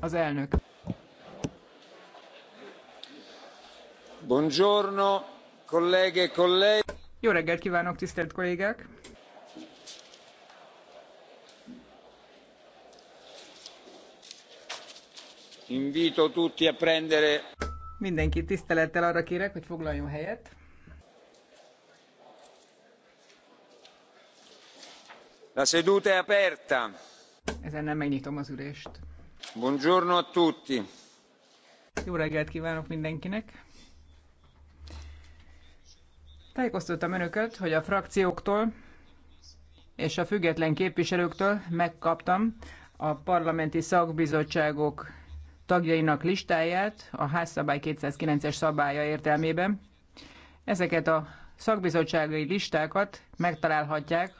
Az elnök. Buongiorno, colleghe, e colleghi. Jó reggelt kívánok, tisztelt kollégák! Invito tutti a prendere. Mindenkit tisztelettel arra kérek, hogy foglaljon helyet. La seduta è aperta. nem megnyitom az ülést. Buongiorno a tutti. Jó reggelt kívánok mindenkinek. Tájékoztattam önöket, hogy a frakcióktól és a független képviselőktől megkaptam a parlamenti szakbizottságok tagjainak listáját a házszabály 209-es szabálya értelmében. Ezeket a szakbizottsági listákat megtalálhatják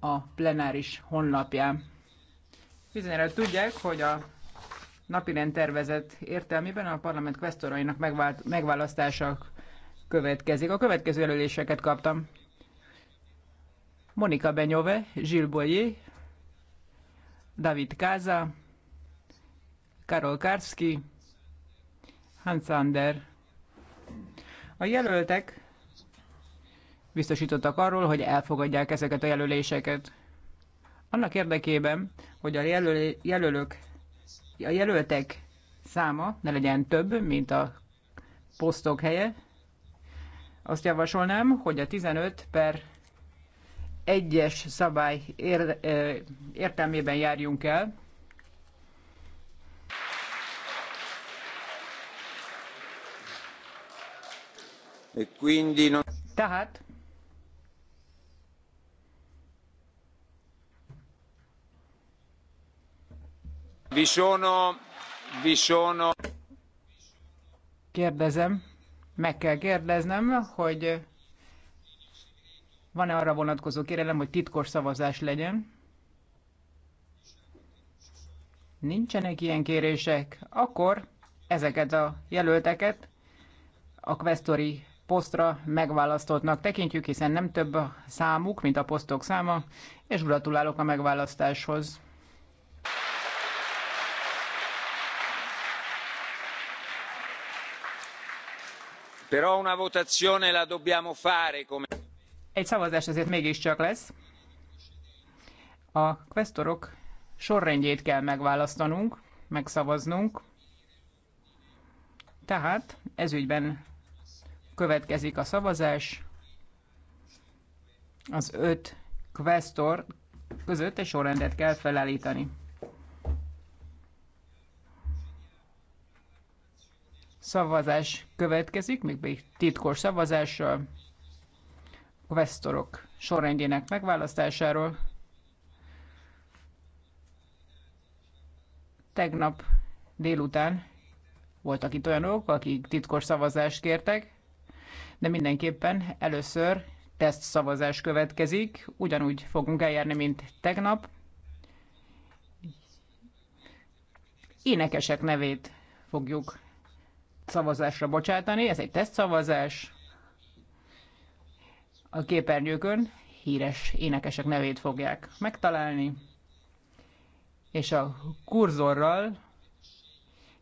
a plenáris honlapján. Bizonyára tudják, hogy a napirend tervezet értelmében a parlament kvesztorainak megvált, megválasztása következik. A következő jelöléseket kaptam. Monika Benyove, Gilles Boyer, David Káza, Karol Karski, Hans Ander. A jelöltek biztosítottak arról, hogy elfogadják ezeket a jelöléseket. Annak érdekében, hogy a jelöl, jelölők, a jelöltek száma ne legyen több, mint a posztok helye, azt javasolnám, hogy a 15 per egyes szabály ér, értelmében járjunk el. E Tehát Kérdezem, meg kell kérdeznem, hogy van-e arra vonatkozó kérelem, hogy titkos szavazás legyen? Nincsenek ilyen kérések. Akkor ezeket a jelölteket a kvesztori posztra megválasztottnak tekintjük, hiszen nem több a számuk, mint a posztok száma, és gratulálok a megválasztáshoz. Egy szavazás azért mégiscsak lesz. A kvesztorok sorrendjét kell megválasztanunk, megszavaznunk. Tehát ezügyben következik a szavazás. Az öt kvesztor között egy sorrendet kell felállítani. szavazás következik, még egy titkos szavazással, a vesztorok sorrendjének megválasztásáról. Tegnap délután voltak itt olyanok, akik titkos szavazást kértek, de mindenképpen először teszt szavazás következik, ugyanúgy fogunk eljárni, mint tegnap. Énekesek nevét fogjuk szavazásra bocsátani. Ez egy tesztszavazás. A képernyőkön híres énekesek nevét fogják megtalálni, és a kurzorral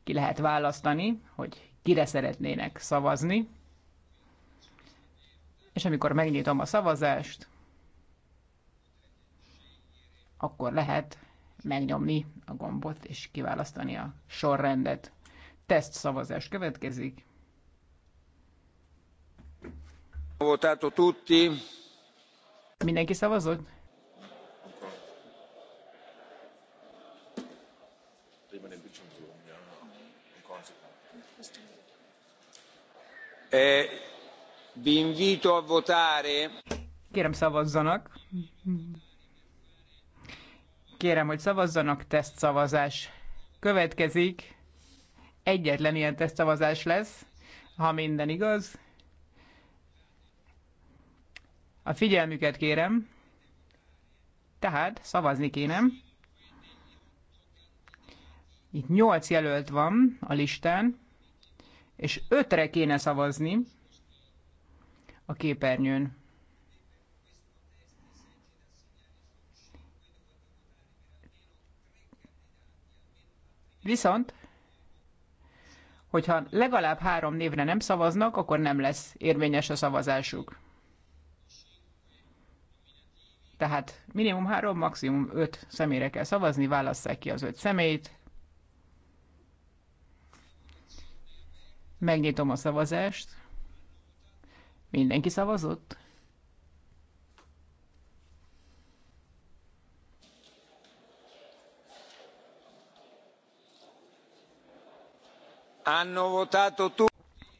ki lehet választani, hogy kire szeretnének szavazni. És amikor megnyitom a szavazást, akkor lehet megnyomni a gombot és kiválasztani a sorrendet teszt szavazás következik. Votato tutti. Mindenki szavazott? Eh, vi invito a votare. Kérem szavazzanak. Kérem, hogy szavazzanak, teszt szavazás következik egyetlen ilyen tesztszavazás lesz, ha minden igaz. A figyelmüket kérem, tehát szavazni kéne. Itt 8 jelölt van a listán, és 5-re kéne szavazni a képernyőn. Viszont hogyha legalább három névre nem szavaznak, akkor nem lesz érvényes a szavazásuk. Tehát minimum három, maximum öt személyre kell szavazni, válasszák ki az öt személyt. Megnyitom a szavazást. Mindenki szavazott?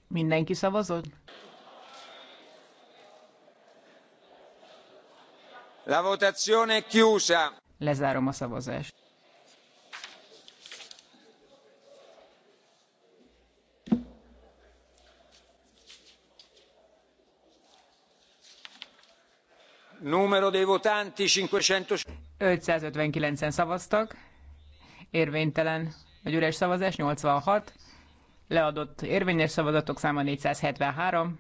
Mindenki szavazott? La votazione è chiusa. Lezárom a szavazást. Numero dei votanti 500... 559-en szavaztak. Érvénytelen. A gyűlés szavazás 86 leadott érvényes szavazatok száma 473,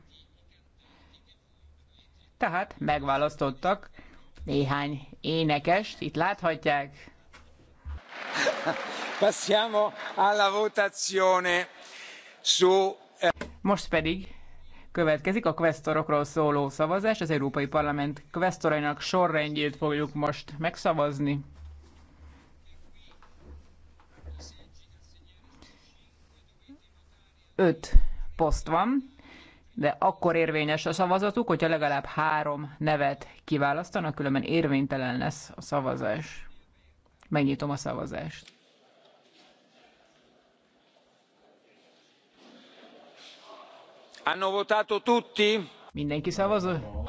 tehát megválasztottak néhány énekest, itt láthatják. Passiamo alla votazione su... Eh, most pedig következik a kvesztorokról szóló szavazás. Az Európai Parlament kvesztorainak sorrendjét fogjuk most megszavazni. öt poszt van, de akkor érvényes a szavazatuk, hogyha legalább három nevet kiválasztanak, különben érvénytelen lesz a szavazás. Megnyitom a szavazást. Hanno votato tutti? Mindenki szavazott?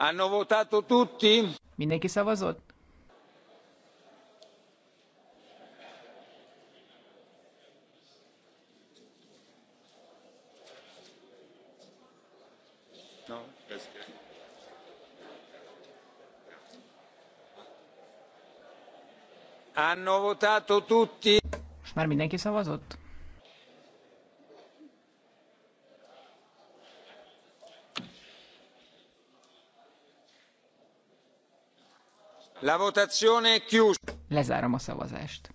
Hanno votato tutti? Mindenki szavazott? Hanno votato tutti? Most már mindenki szavazott? Lezárom a szavazást.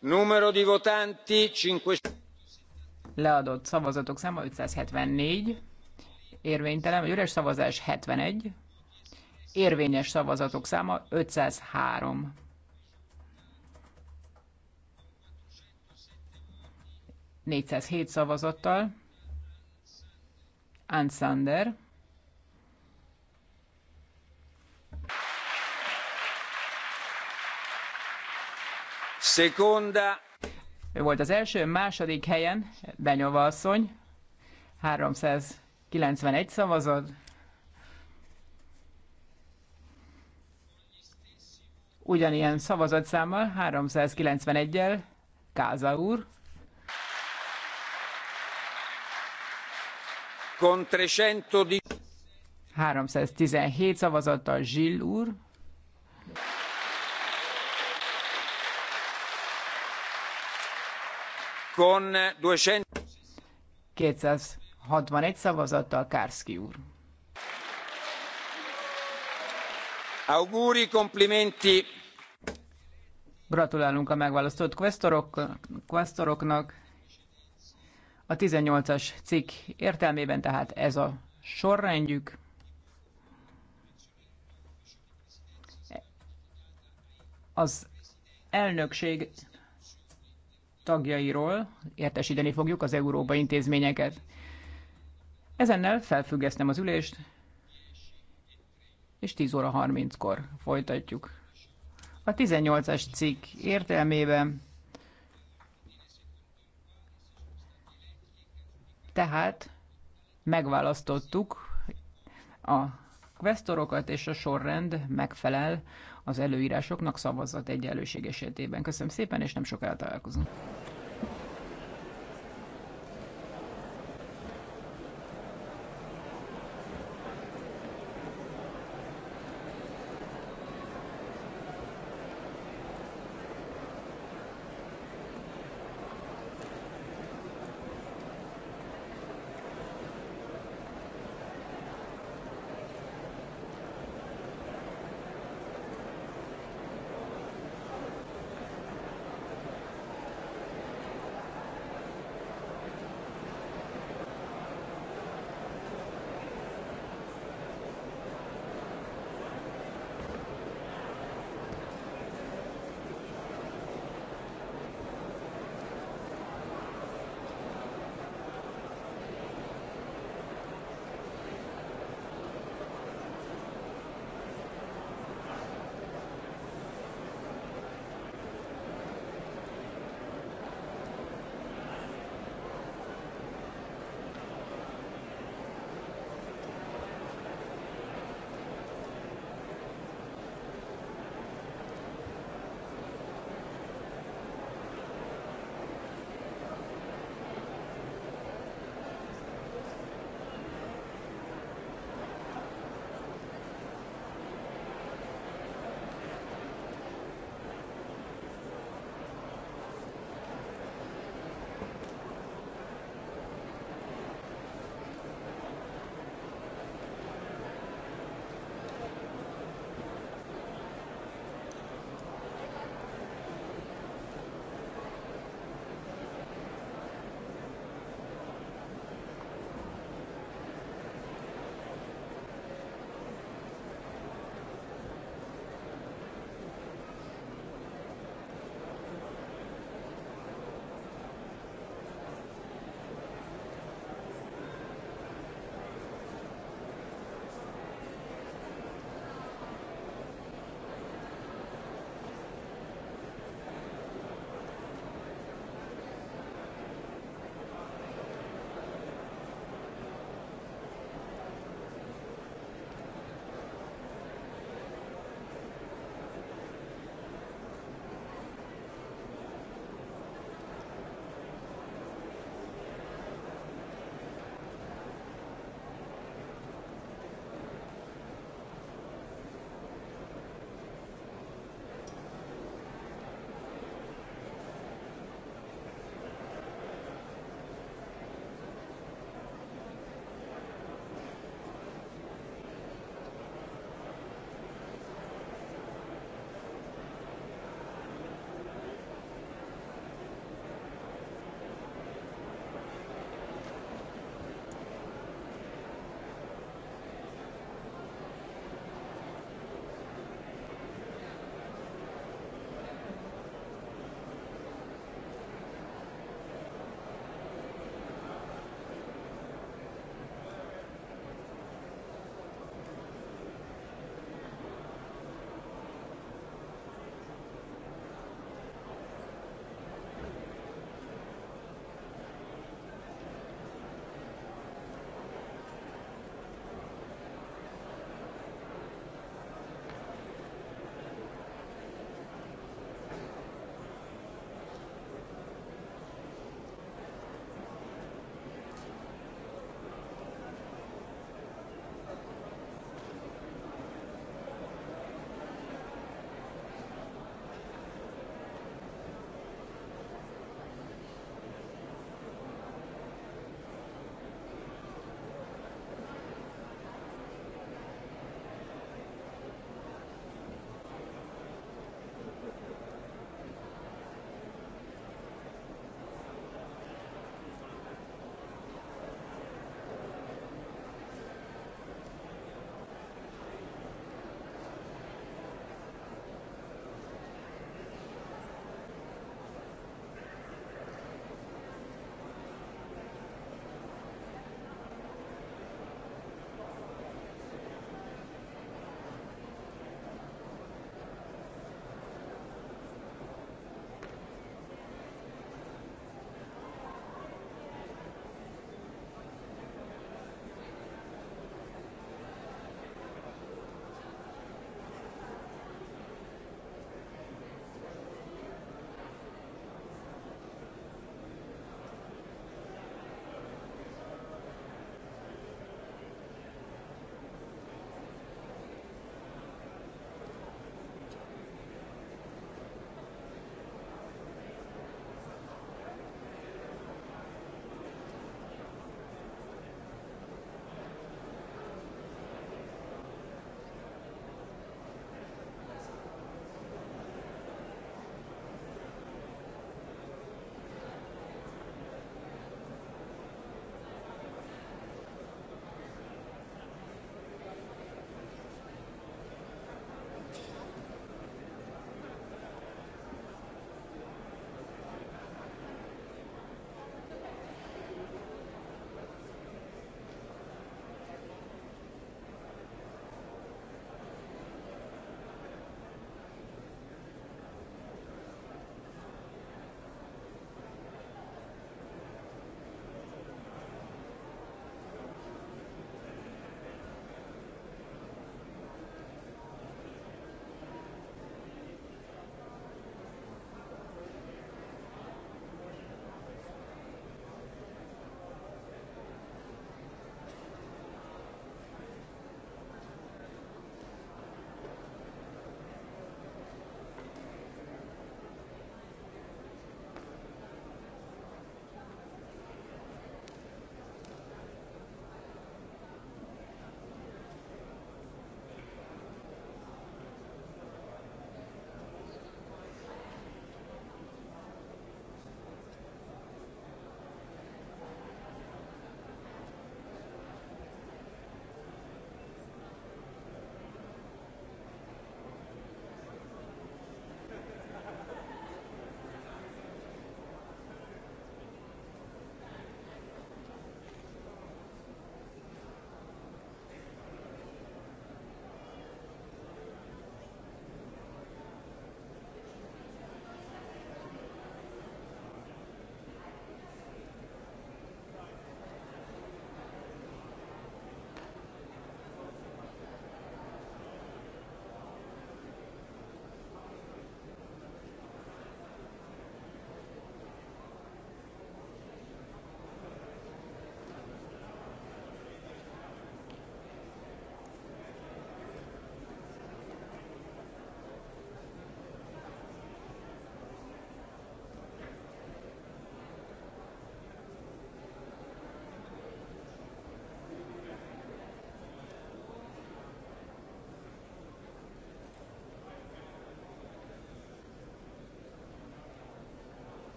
Numero di votanti 5... Leadott szavazatok száma 574, érvénytelen vagy üres szavazás 71, érvényes szavazatok száma 503. 407 szavazattal. Ann Seconda. Ő volt az első, második helyen Benyova asszony, 391 szavazat. Ugyanilyen szavazatszámmal, 391-el, Káza úr. Con 317 szavazattal Zsill úr. con 261 szavazattal Kárszki úr. Auguri, komplimenti. Gratulálunk a megválasztott questoroknak. A 18-as cikk értelmében tehát ez a sorrendjük. Az elnökség tagjairól értesíteni fogjuk az európai intézményeket. Ezennel felfüggesztem az ülést, és 10 óra 30-kor folytatjuk. A 18-as cikk értelmében tehát megválasztottuk a kvesztorokat, és a sorrend megfelel az előírásoknak szavazat egyenlőség esetében. Köszönöm szépen, és nem sokára találkozunk.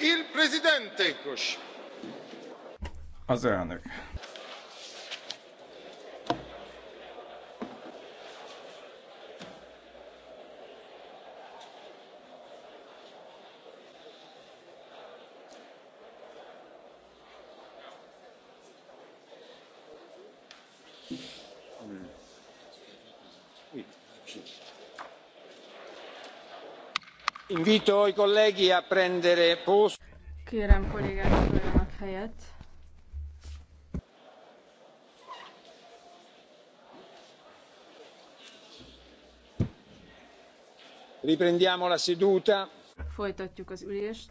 Il presidente. Az elnök. Invito i colleghi a prendere posto. Kérem kollégák, foglaljanak helyet. Riprendiamo la seduta. Folytatjuk az ülést.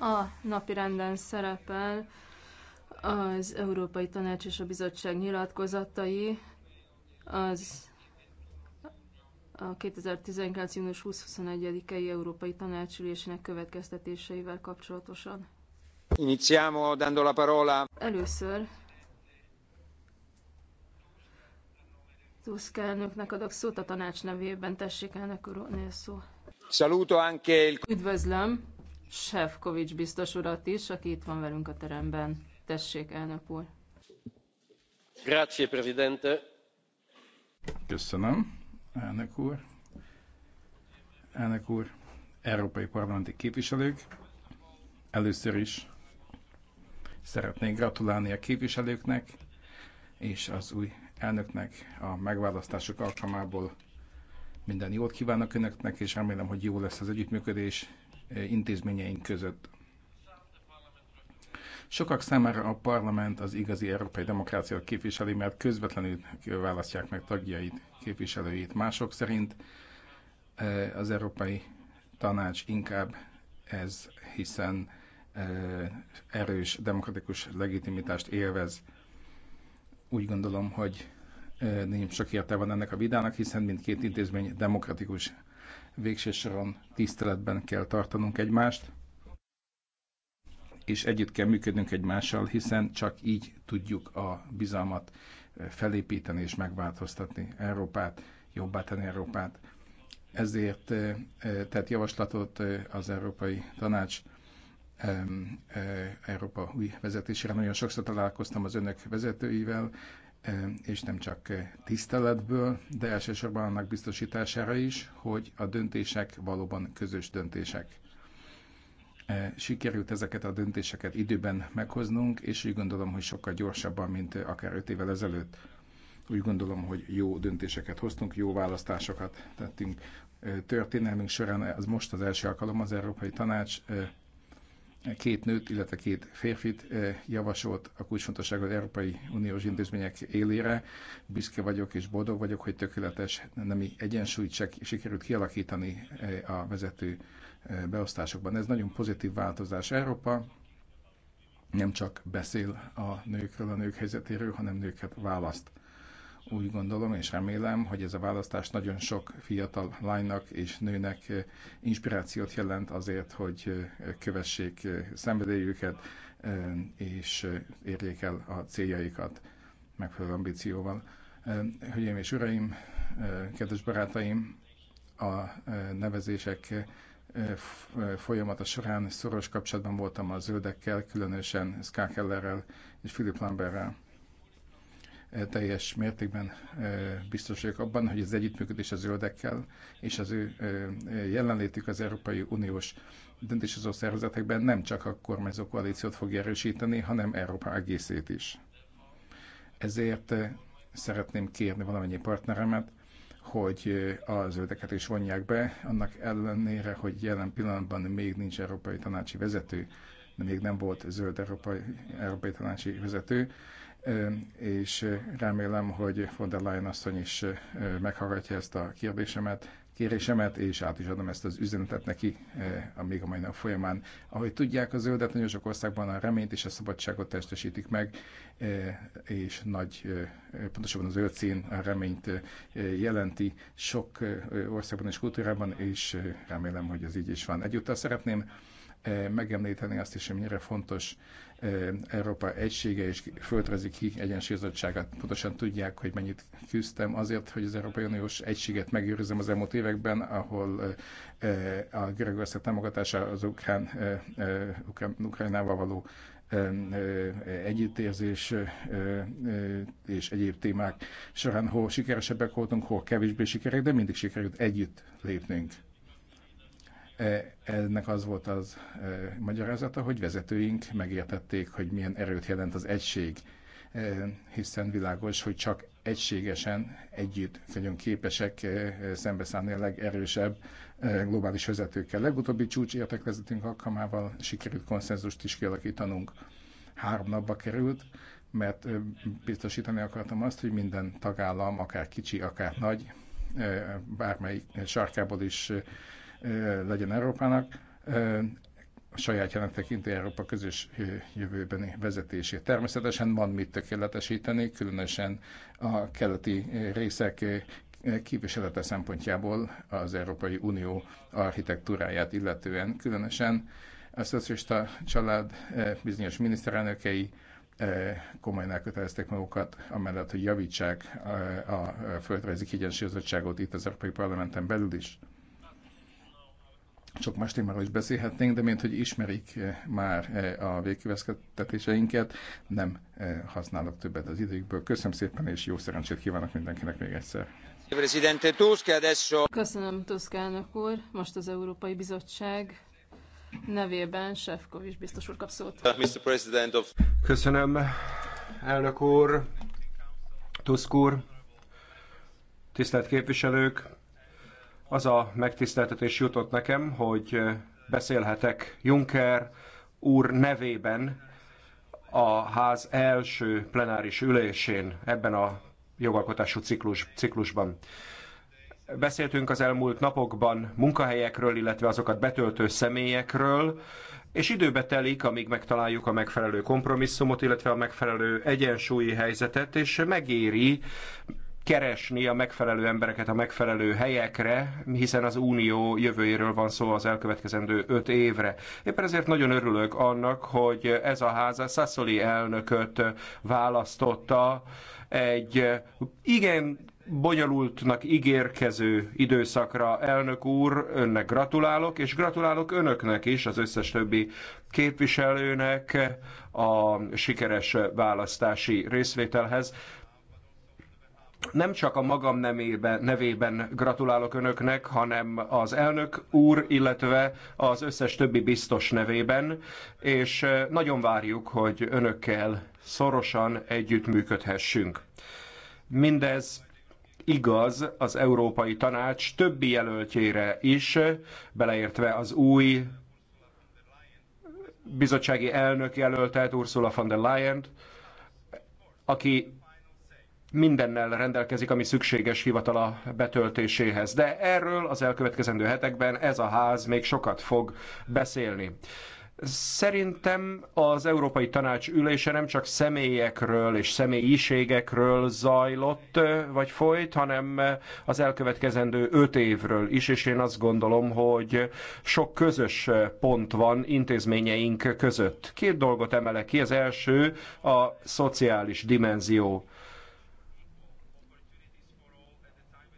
A napirenden szerepel az Európai Tanács és a Bizottság nyilatkozatai az a 2019. június 20-21-i Európai Tanácsülésének következtetéseivel kapcsolatosan. Iniziamo dando la parola. Először Tusk elnöknek adok szót a tanács nevében. Tessék elnök úr, szó. Saluto anche il... Üdvözlöm Sefcovics biztos urat is, aki itt van velünk a teremben elnök úr. Köszönöm, elnök úr. európai parlamenti képviselők, először is szeretnék gratulálni a képviselőknek és az új elnöknek a megválasztások alkalmából minden jót kívánok önöknek, és remélem, hogy jó lesz az együttműködés intézményeink között. Sokak számára a parlament az igazi európai demokráciát képviseli, mert közvetlenül választják meg tagjait, képviselőit. Mások szerint e, az Európai Tanács inkább ez, hiszen e, erős demokratikus legitimitást élvez. Úgy gondolom, hogy e, nem sok értelme ennek a vidának, hiszen mindkét intézmény demokratikus végső soron tiszteletben kell tartanunk egymást, és együtt kell működnünk egymással, hiszen csak így tudjuk a bizalmat eh, felépíteni és megváltoztatni Európát, jobbá tenni Európát. Ezért eh, eh, tett javaslatot az Európai Tanács Európa új vezetésére. Nagyon sokszor találkoztam az önök vezetőivel, és nem csak tiszteletből, de elsősorban annak biztosítására is, hogy a döntések valóban közös döntések. Eh, sikerült ezeket a döntéseket időben meghoznunk, és úgy gondolom, hogy sokkal gyorsabban, mint eh, akár öt évvel ezelőtt. Úgy gondolom, hogy jó döntéseket hoztunk, jó választásokat tettünk. Eh, történelmünk során az most az első alkalom az Európai Tanács két nőt, illetve két férfit javasolt a kulcsfontosságú Európai Uniós intézmények élére. Büszke vagyok és boldog vagyok, hogy tökéletes nemi egyensúlyt sikerült kialakítani a vezető beosztásokban. Ez nagyon pozitív változás. Európa nem csak beszél a nőkről, a nők helyzetéről, hanem nőket választ. Úgy gondolom és remélem, hogy ez a választás nagyon sok fiatal lánynak és nőnek inspirációt jelent azért, hogy kövessék szenvedélyüket és érjék el a céljaikat megfelelő ambícióval. Hölgyeim és uraim, kedves barátaim, a nevezések folyamata során szoros kapcsolatban voltam a zöldekkel, különösen Skákellerrel és Philip Lamberrel. Teljes mértékben biztos vagyok abban, hogy az együttműködés a zöldekkel és az ő jelenlétük az Európai Uniós döntéshozó szervezetekben nem csak a kormányzó koalíciót fog erősíteni, hanem Európa egészét is. Ezért szeretném kérni valamennyi partneremet, hogy a zöldeket is vonják be, annak ellenére, hogy jelen pillanatban még nincs európai tanácsi vezető, de még nem volt zöld európai, európai tanácsi vezető, és remélem, hogy von der Leyen asszony is meghallgatja ezt a kérdésemet, kérésemet, és át is adom ezt az üzenetet neki eh, a még a mai nap folyamán. Ahogy tudják, a zöldet nagyon sok országban a reményt és a szabadságot testesítik meg, eh, és nagy, eh, pontosabban az zöld szín a reményt jelenti sok országban és kultúrában, és remélem, hogy ez így is van. Egyúttal szeretném megemlíteni azt is, hogy mennyire fontos Európa egysége és földrajzi ki egyensúlyozottságát. Pontosan tudják, hogy mennyit küzdtem azért, hogy az Európai Uniós egységet megőrizzem az elmúlt években, ahol a Görögország támogatása az ukrán, ukrán, Ukrajnával való együttérzés és egyéb témák során hol sikeresebbek voltunk, hol kevésbé sikerek, de mindig sikerült együtt lépnünk. E, ennek az volt az e, magyarázata, hogy vezetőink megértették, hogy milyen erőt jelent az egység, e, hiszen világos, hogy csak egységesen együtt vagyunk képesek szembeszállni a legerősebb globális vezetőkkel. Legutóbbi csúcs értekezetünk alkalmával sikerült konszenzust is kialakítanunk. Három napba került, mert biztosítani akartam azt, hogy minden tagállam, akár kicsi, akár nagy, bármelyik sarkából is legyen Európának, a jelen tekinti Európa közös jövőbeni vezetését. Természetesen van mit tökéletesíteni, különösen a keleti részek képviselete szempontjából az Európai Unió architektúráját illetően, különösen a szocialista család bizonyos miniszterelnökei komolyan elkötelezték magukat, amellett, hogy javítsák a földrajzi kiegyensúlyozottságot itt az Európai Parlamenten belül is sok más témáról is beszélhetnénk, de mint hogy ismerik eh, már eh, a végkövetkeztetéseinket, nem eh, használok többet az időkből. Köszönöm szépen, és jó szerencsét kívánok mindenkinek még egyszer. Köszönöm Tusk elnök úr. Most az Európai Bizottság nevében Sefkovics biztos úr kap szót. Köszönöm, elnök úr, Tusk úr, tisztelt képviselők, az a megtiszteltetés jutott nekem, hogy beszélhetek Juncker úr nevében a ház első plenáris ülésén ebben a jogalkotású ciklus, ciklusban. Beszéltünk az elmúlt napokban munkahelyekről, illetve azokat betöltő személyekről, és időbe telik, amíg megtaláljuk a megfelelő kompromisszumot, illetve a megfelelő egyensúlyi helyzetet, és megéri keresni a megfelelő embereket a megfelelő helyekre, hiszen az unió jövőjéről van szó az elkövetkezendő öt évre. Éppen ezért nagyon örülök annak, hogy ez a ház Sassoli elnököt választotta egy igen bonyolultnak ígérkező időszakra, elnök úr, önnek gratulálok, és gratulálok önöknek is, az összes többi képviselőnek a sikeres választási részvételhez nem csak a magam nemébe, nevében gratulálok önöknek, hanem az elnök úr, illetve az összes többi biztos nevében, és eh, nagyon várjuk, hogy önökkel szorosan együttműködhessünk. Mindez igaz az Európai Tanács többi jelöltjére is, beleértve az új bizottsági elnök jelöltet, Ursula von der Leyen, aki mindennel rendelkezik, ami szükséges hivatala betöltéséhez. De erről az elkövetkezendő hetekben ez a ház még sokat fog beszélni. Szerintem az Európai Tanács ülése nem csak személyekről és személyiségekről zajlott vagy folyt, hanem az elkövetkezendő öt évről is, és én azt gondolom, hogy sok közös pont van intézményeink között. Két dolgot emelek ki, az első a szociális dimenzió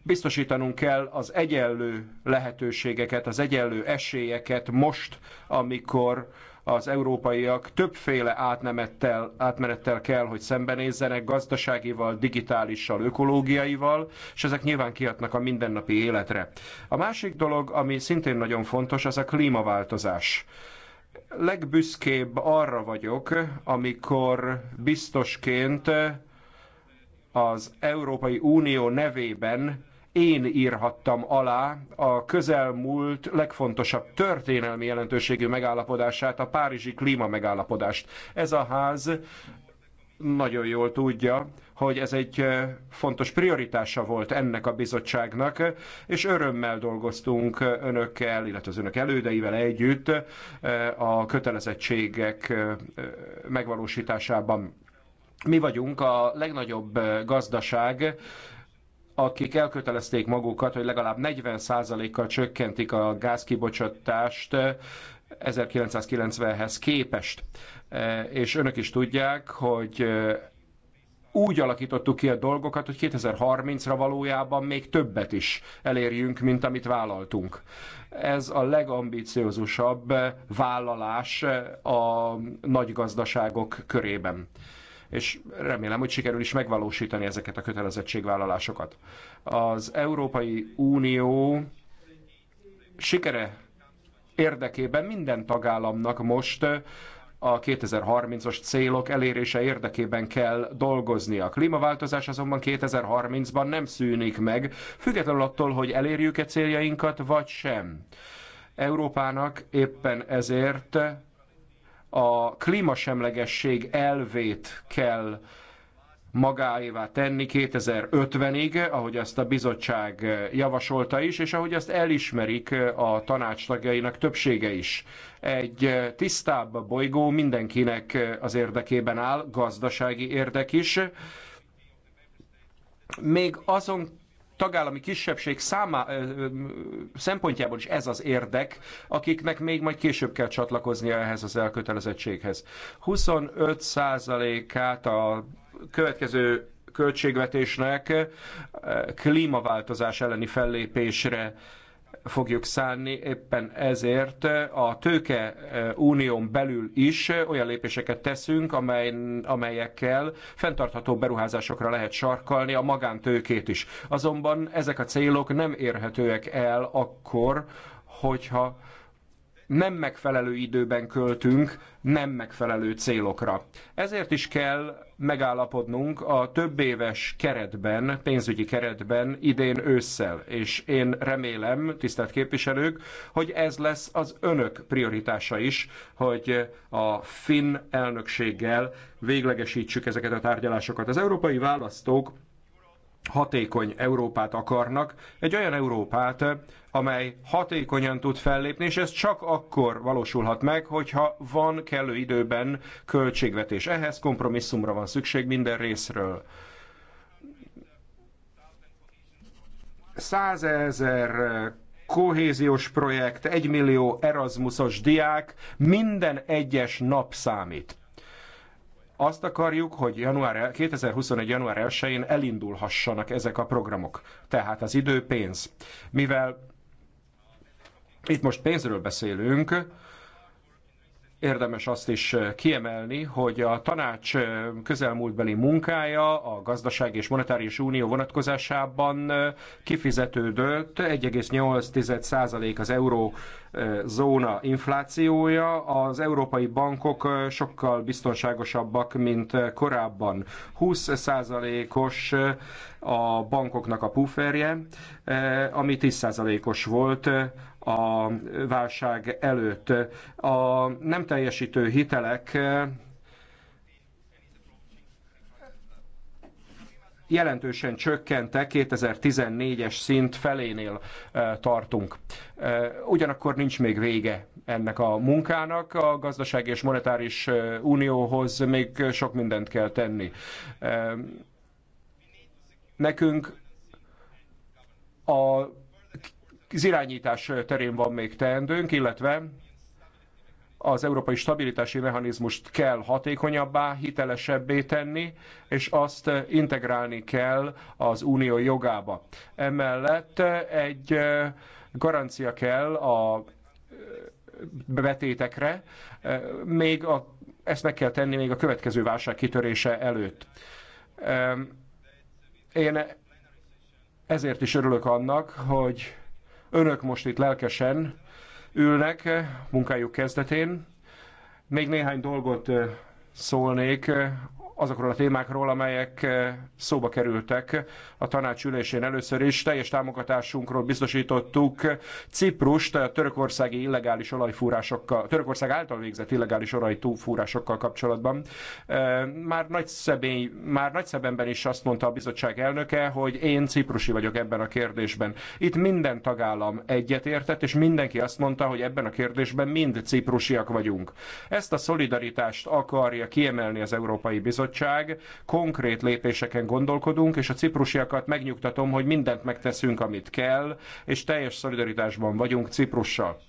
Biztosítanunk kell az egyenlő lehetőségeket, az egyenlő esélyeket most, amikor az európaiak többféle átmenettel, átmenettel kell, hogy szembenézzenek, gazdaságival, digitálissal, ökológiaival, és ezek nyilván kiadnak a mindennapi életre. A másik dolog, ami szintén nagyon fontos, az a klímaváltozás legbüszkébb arra vagyok, amikor biztosként az Európai Unió nevében én írhattam alá a közelmúlt legfontosabb történelmi jelentőségű megállapodását, a Párizsi klíma megállapodást. Ez a ház nagyon jól tudja, hogy ez egy fontos prioritása volt ennek a bizottságnak, és örömmel dolgoztunk önökkel, illetve az önök elődeivel együtt a kötelezettségek megvalósításában. Mi vagyunk a legnagyobb gazdaság akik elkötelezték magukat, hogy legalább 40%-kal csökkentik a gázkibocsátást 1990-hez eh, képest. Eh, és önök is tudják, hogy eh, úgy alakítottuk ki a dolgokat, hogy 2030-ra valójában még többet is elérjünk, mint amit vállaltunk. Ez a legambiciózusabb vállalás a nagy gazdaságok körében és remélem, hogy sikerül is megvalósítani ezeket a kötelezettségvállalásokat. Az Európai Unió sikere érdekében minden tagállamnak most a 2030-as célok elérése érdekében kell dolgozni. A klímaváltozás azonban 2030-ban nem szűnik meg, függetlenül attól, hogy elérjük-e céljainkat, vagy sem. Európának éppen ezért a klímasemlegesség elvét kell magáévá tenni 2050-ig, ahogy ezt a bizottság javasolta is, és ahogy ezt elismerik a tanács tagjainak többsége is. Egy tisztább bolygó mindenkinek az érdekében áll, gazdasági érdek is, még azon tagállami kisebbség számá, szempontjából is ez az érdek, akiknek még majd később kell csatlakoznia ehhez az elkötelezettséghez. 25%-át a következő költségvetésnek klímaváltozás elleni fellépésre fogjuk szállni, éppen ezért a tőke eh, unión belül is eh, olyan lépéseket teszünk, amely, amelyekkel fenntartható beruházásokra lehet sarkalni a magántőkét is. Azonban ezek a célok nem érhetőek el akkor, hogyha nem megfelelő időben költünk nem megfelelő célokra. Ezért is kell megállapodnunk a több éves keretben, pénzügyi keretben idén ősszel. És én remélem, tisztelt képviselők, hogy ez lesz az önök prioritása is, hogy a finn elnökséggel véglegesítsük ezeket a tárgyalásokat. Az európai választók hatékony Európát akarnak, egy olyan Európát, amely hatékonyan tud fellépni, és ez csak akkor valósulhat meg, hogyha van kellő időben költségvetés. Ehhez kompromisszumra van szükség minden részről. Százezer kohéziós projekt, egymillió Erasmusos diák, minden egyes nap számít. Azt akarjuk, hogy január, 2021. január 1-én elindulhassanak ezek a programok. Tehát az idő pénz. Mivel itt most pénzről beszélünk, érdemes azt is eh, kiemelni, hogy a tanács eh, közelmúltbeli munkája a gazdaság és monetáris unió vonatkozásában eh, kifizetődött 1,8% az euró zóna inflációja. Az európai bankok sokkal biztonságosabbak, mint korábban. 20%-os a bankoknak a pufferje, ami 10%-os volt a válság előtt. A nem teljesítő hitelek jelentősen csökkentek, 2014-es szint felénél tartunk. Ugyanakkor nincs még vége ennek a munkának, a gazdaság és monetáris unióhoz még sok mindent kell tenni. Nekünk a az irányítás terén van még teendőnk, illetve az európai stabilitási mechanizmust kell hatékonyabbá, hitelesebbé tenni, és azt integrálni kell az unió jogába. Emellett egy garancia kell a betétekre, még a, ezt meg kell tenni még a következő válság kitörése előtt. Én ezért is örülök annak, hogy Önök most itt lelkesen ülnek munkájuk kezdetén. Még néhány dolgot szólnék eh, azokról a témákról, amelyek eh, szóba kerültek a tanács ülésén először is. Teljes támogatásunkról biztosítottuk Ciprust a törökországi illegális olajfúrásokkal, Törökország által végzett illegális olajfúrásokkal kapcsolatban. Eh, már nagy, szebény, már nagy szebenben is azt mondta a bizottság elnöke, hogy én ciprusi vagyok ebben a kérdésben. Itt minden tagállam egyetértett, és mindenki azt mondta, hogy ebben a kérdésben mind ciprusiak vagyunk. Ezt a szolidaritást akarja kiemelni az Európai Bizottság. Konkrét lépéseken gondolkodunk, és a ciprusiakat megnyugtatom, hogy mindent megteszünk, amit kell, és teljes szolidaritásban vagyunk Ciprussal.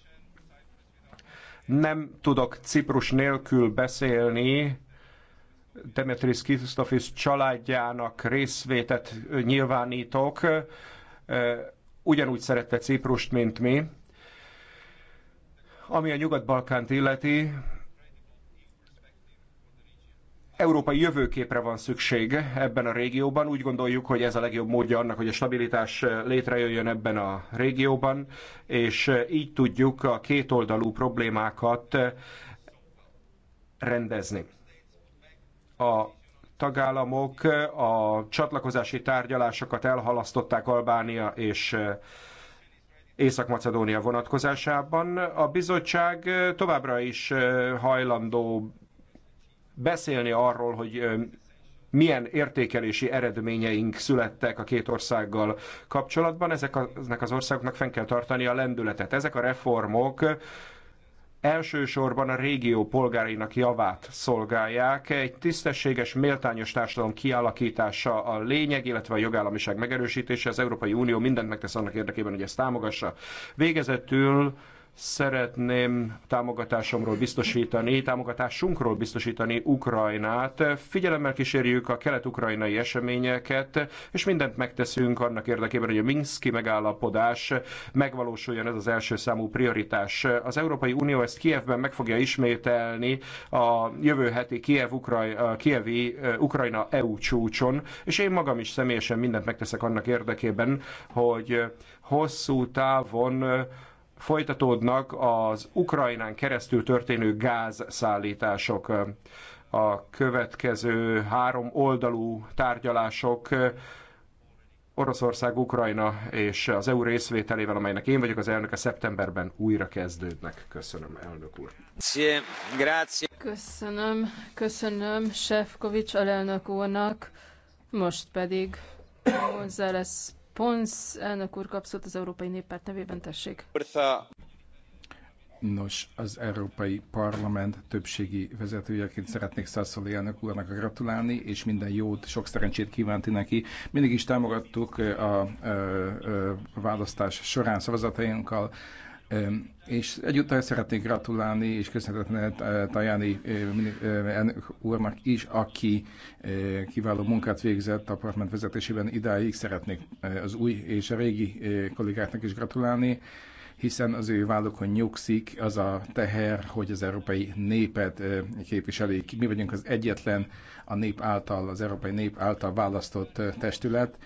Nem tudok Ciprus nélkül beszélni Demetris Kisztofis családjának részvétet nyilvánítok. Ugyanúgy szerette Ciprust, mint mi. Ami a Nyugat-Balkánt illeti, európai jövőképre van szükség ebben a régióban. Úgy gondoljuk, hogy ez a legjobb módja annak, hogy a stabilitás létrejöjjön ebben a régióban, és így tudjuk a kétoldalú problémákat rendezni. A tagállamok a csatlakozási tárgyalásokat elhalasztották Albánia és Észak-Macedónia vonatkozásában. A bizottság továbbra is hajlandó beszélni arról, hogy milyen értékelési eredményeink születtek a két országgal kapcsolatban. Ezeknek az országoknak fenn kell tartani a lendületet. Ezek a reformok elsősorban a régió polgárainak javát szolgálják. Egy tisztességes, méltányos társadalom kialakítása a lényeg, illetve a jogállamiság megerősítése. Az Európai Unió mindent megtesz annak érdekében, hogy ezt támogassa. Végezetül szeretném támogatásomról biztosítani, támogatásunkról biztosítani Ukrajnát. Figyelemmel kísérjük a kelet-ukrajnai eseményeket, és mindent megteszünk annak érdekében, hogy a Minszki megállapodás megvalósuljon, ez az első számú prioritás. Az Európai Unió ezt Kievben meg fogja ismételni a jövő heti Kiev -Ukraj, Kievi eh, Ukrajna EU csúcson, és én magam is személyesen mindent megteszek annak érdekében, hogy hosszú távon eh, folytatódnak az Ukrajnán keresztül történő gázszállítások. A következő három oldalú tárgyalások Oroszország, Ukrajna és az EU részvételével, amelynek én vagyok az elnöke, szeptemberben újra kezdődnek. Köszönöm, elnök úr. Köszönöm, köszönöm Sefkovics alelnök úrnak. Most pedig lesz Pons, elnök úr kapszott az Európai Néppárt nevében, tessék. Nos, az Európai Parlament többségi vezetőjeként szeretnék Szászoli elnök úrnak gratulálni, és minden jót, sok szerencsét kívánti neki. Mindig is támogattuk a, a, a választás során szavazatainkkal és egyúttal szeretnék gratulálni és köszönetet elnök eh, eh, eh, úrnak is, aki kiváló munkát végzett a parlament vezetésében idáig. Szeretnék az új és a régi kollégáknak is gratulálni hiszen az ő vállukon nyugszik az a teher, hogy az európai népet képviselik. Mi vagyunk az egyetlen a nép által, az európai nép által választott testület,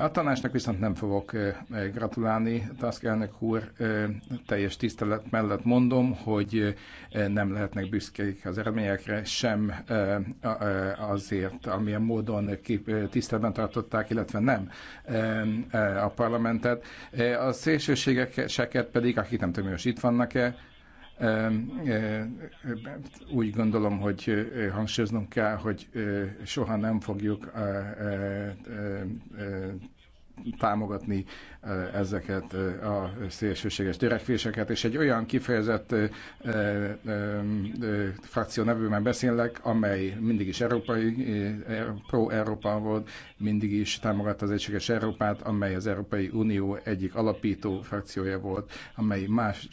a tanácsnak viszont nem fogok gratulálni, Tusk elnök úr, teljes tisztelet mellett mondom, hogy nem lehetnek büszkék az eredményekre, sem azért, amilyen módon tiszteletben tartották, illetve nem a parlamentet. A szélsőségeket pedig, akik nem tudom, hogy most itt vannak-e, úgy gondolom, hogy hangsúlyoznunk kell, hogy soha nem fogjuk támogatni ezeket a szélsőséges törekvéseket, és egy olyan kifejezett frakció nevűben beszélek, amely mindig is európai, e, pro-európa volt, mindig is támogatta az egységes Európát, amely az Európai Unió egyik alapító frakciója volt, amely más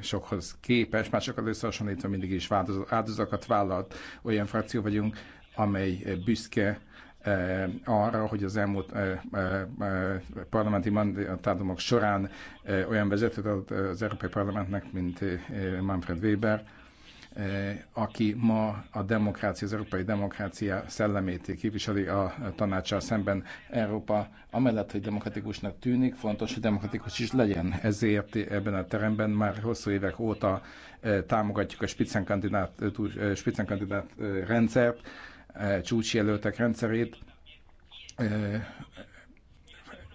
sokhoz képes, másokat összehasonlítva mindig is változó, áldozatokat vállalt. Olyan frakció vagyunk, amely büszke Eh, arra, hogy az elmúlt eh, eh, parlamenti mandátumok során olyan vezetőt adott az Európai Parlamentnek, mint Manfred Weber, aki ma a demokrácia, az európai demokrácia szellemét képviseli a tanácssal szemben Európa. Amellett, hogy demokratikusnak tűnik, fontos, hogy demokratikus is legyen. Ezért ebben a teremben már hosszú évek óta támogatjuk a spitzenkandidát, spitzenkandidát rendszert, E, csúcsjelöltek rendszerét, e,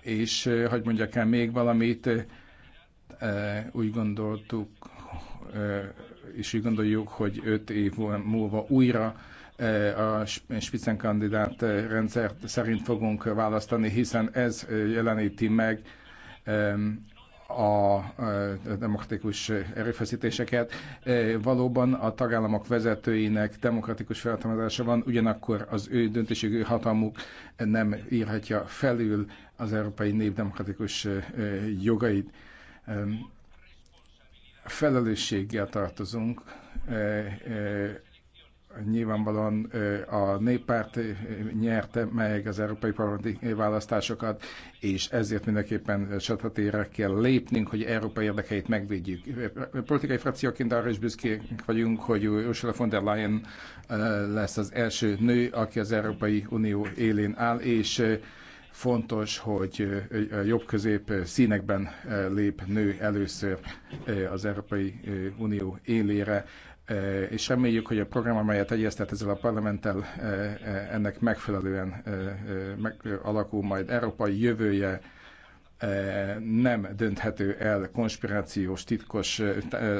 és e, hogy mondjak el még valamit, úgy gondoltuk, és úgy gondoljuk, hogy öt év múlva újra a spitzenkandidát rendszer szerint fogunk választani, hiszen ez jeleníti meg a demokratikus erőfeszítéseket. E, valóban a tagállamok vezetőinek demokratikus felhatalmazása van, ugyanakkor az ő döntésük, ő hatalmuk nem írhatja felül az európai nép demokratikus e, jogait. E, felelősséggel tartozunk nyilvánvalóan a néppárt nyerte meg az európai parlamenti választásokat, és ezért mindenképpen csatatérre kell lépnünk, hogy európai érdekeit megvédjük. Politikai frakcióként arra is büszkék vagyunk, hogy Ursula von der Leyen lesz az első nő, aki az Európai Unió élén áll, és fontos, hogy jobb-közép színekben lép nő először az Európai Unió élére. Eh, és reméljük, hogy a program, amelyet egyeztet ezzel a parlamenttel, eh, eh, ennek megfelelően meg, alakul majd európai jövője, nem dönthető el konspirációs, titkos,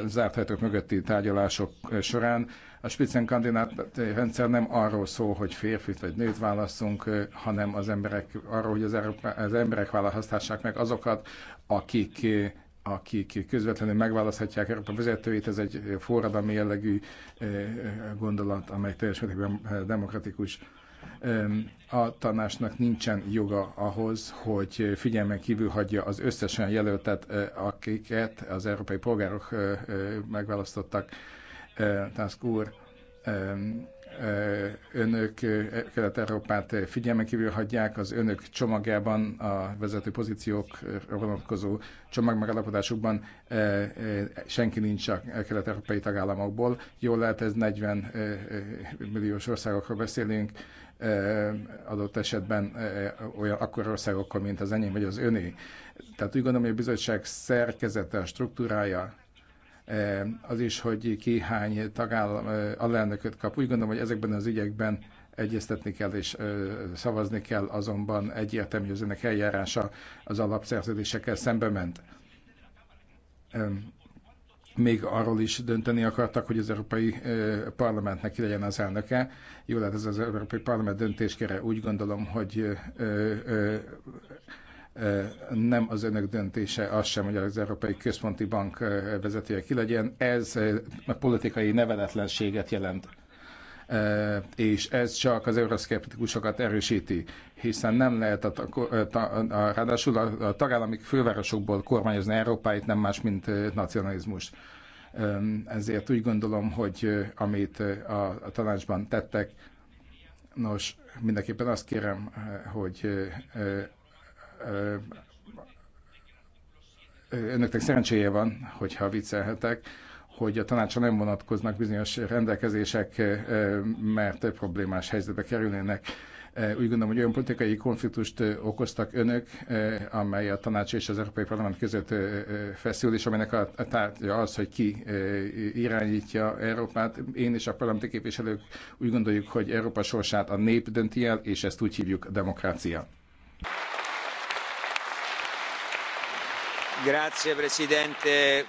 zárt hajtók mögötti tárgyalások során. A Spitzenkandidát rendszer nem arról szól, hogy férfit vagy nőt választunk, hanem az emberek, arról, hogy az, Európa, az emberek választhassák meg azokat, akik akik közvetlenül megválaszthatják Európa vezetőit, ez egy forradalmi jellegű eh, gondolat, amely teljes mértékben eh, demokratikus. A tanácsnak nincsen joga ahhoz, hogy figyelmen kívül hagyja az összes olyan jelöltet, eh, akiket az európai polgárok megválasztottak. Tánszk úr önök Kelet-Európát figyelmen kívül hagyják, az önök csomagjában a vezető pozíciók vonatkozó csomagmegállapodásukban senki nincs a kelet-európai tagállamokból. Jól lehet, ez 40 milliós országokról beszélünk, adott esetben olyan akkor országokkal, mint az enyém vagy az öné. Tehát úgy gondolom, hogy a bizottság szerkezete, a struktúrája, Eh, az is, hogy ki hány tagállam eh, alelnököt kap. Úgy gondolom, hogy ezekben az ügyekben egyeztetni kell és eh, szavazni kell, azonban egyértelmű, hogy ennek eljárása az alapszerződésekkel szembe ment. Még arról is dönteni akartak, hogy az Európai Parlamentnek ki legyen az elnöke. Jó lehet ez az Európai Parlament döntéskére. Úgy gondolom, hogy nem az önök döntése az sem, hogy az Európai Központi Bank vezetője ki legyen. Ez a politikai neveletlenséget jelent. És ez csak az euroszkeptikusokat erősíti, hiszen nem lehet a, a, a, ráadásul a, a tagállami fővárosokból kormányozni Európáit, nem más, mint nacionalizmus. Ezért úgy gondolom, hogy amit a, a tanácsban tettek, nos, mindenképpen azt kérem, hogy önöknek szerencséje van, hogyha viccelhetek, hogy a tanácsa nem vonatkoznak bizonyos rendelkezések, mert problémás helyzetbe kerülnének. Úgy gondolom, hogy olyan politikai konfliktust okoztak önök, amely a tanács és az Európai Parlament között feszül, és aminek a tárgya az, hogy ki irányítja Európát. Én és a parlamenti képviselők úgy gondoljuk, hogy Európa sorsát a nép dönti el, és ezt úgy hívjuk demokrácia.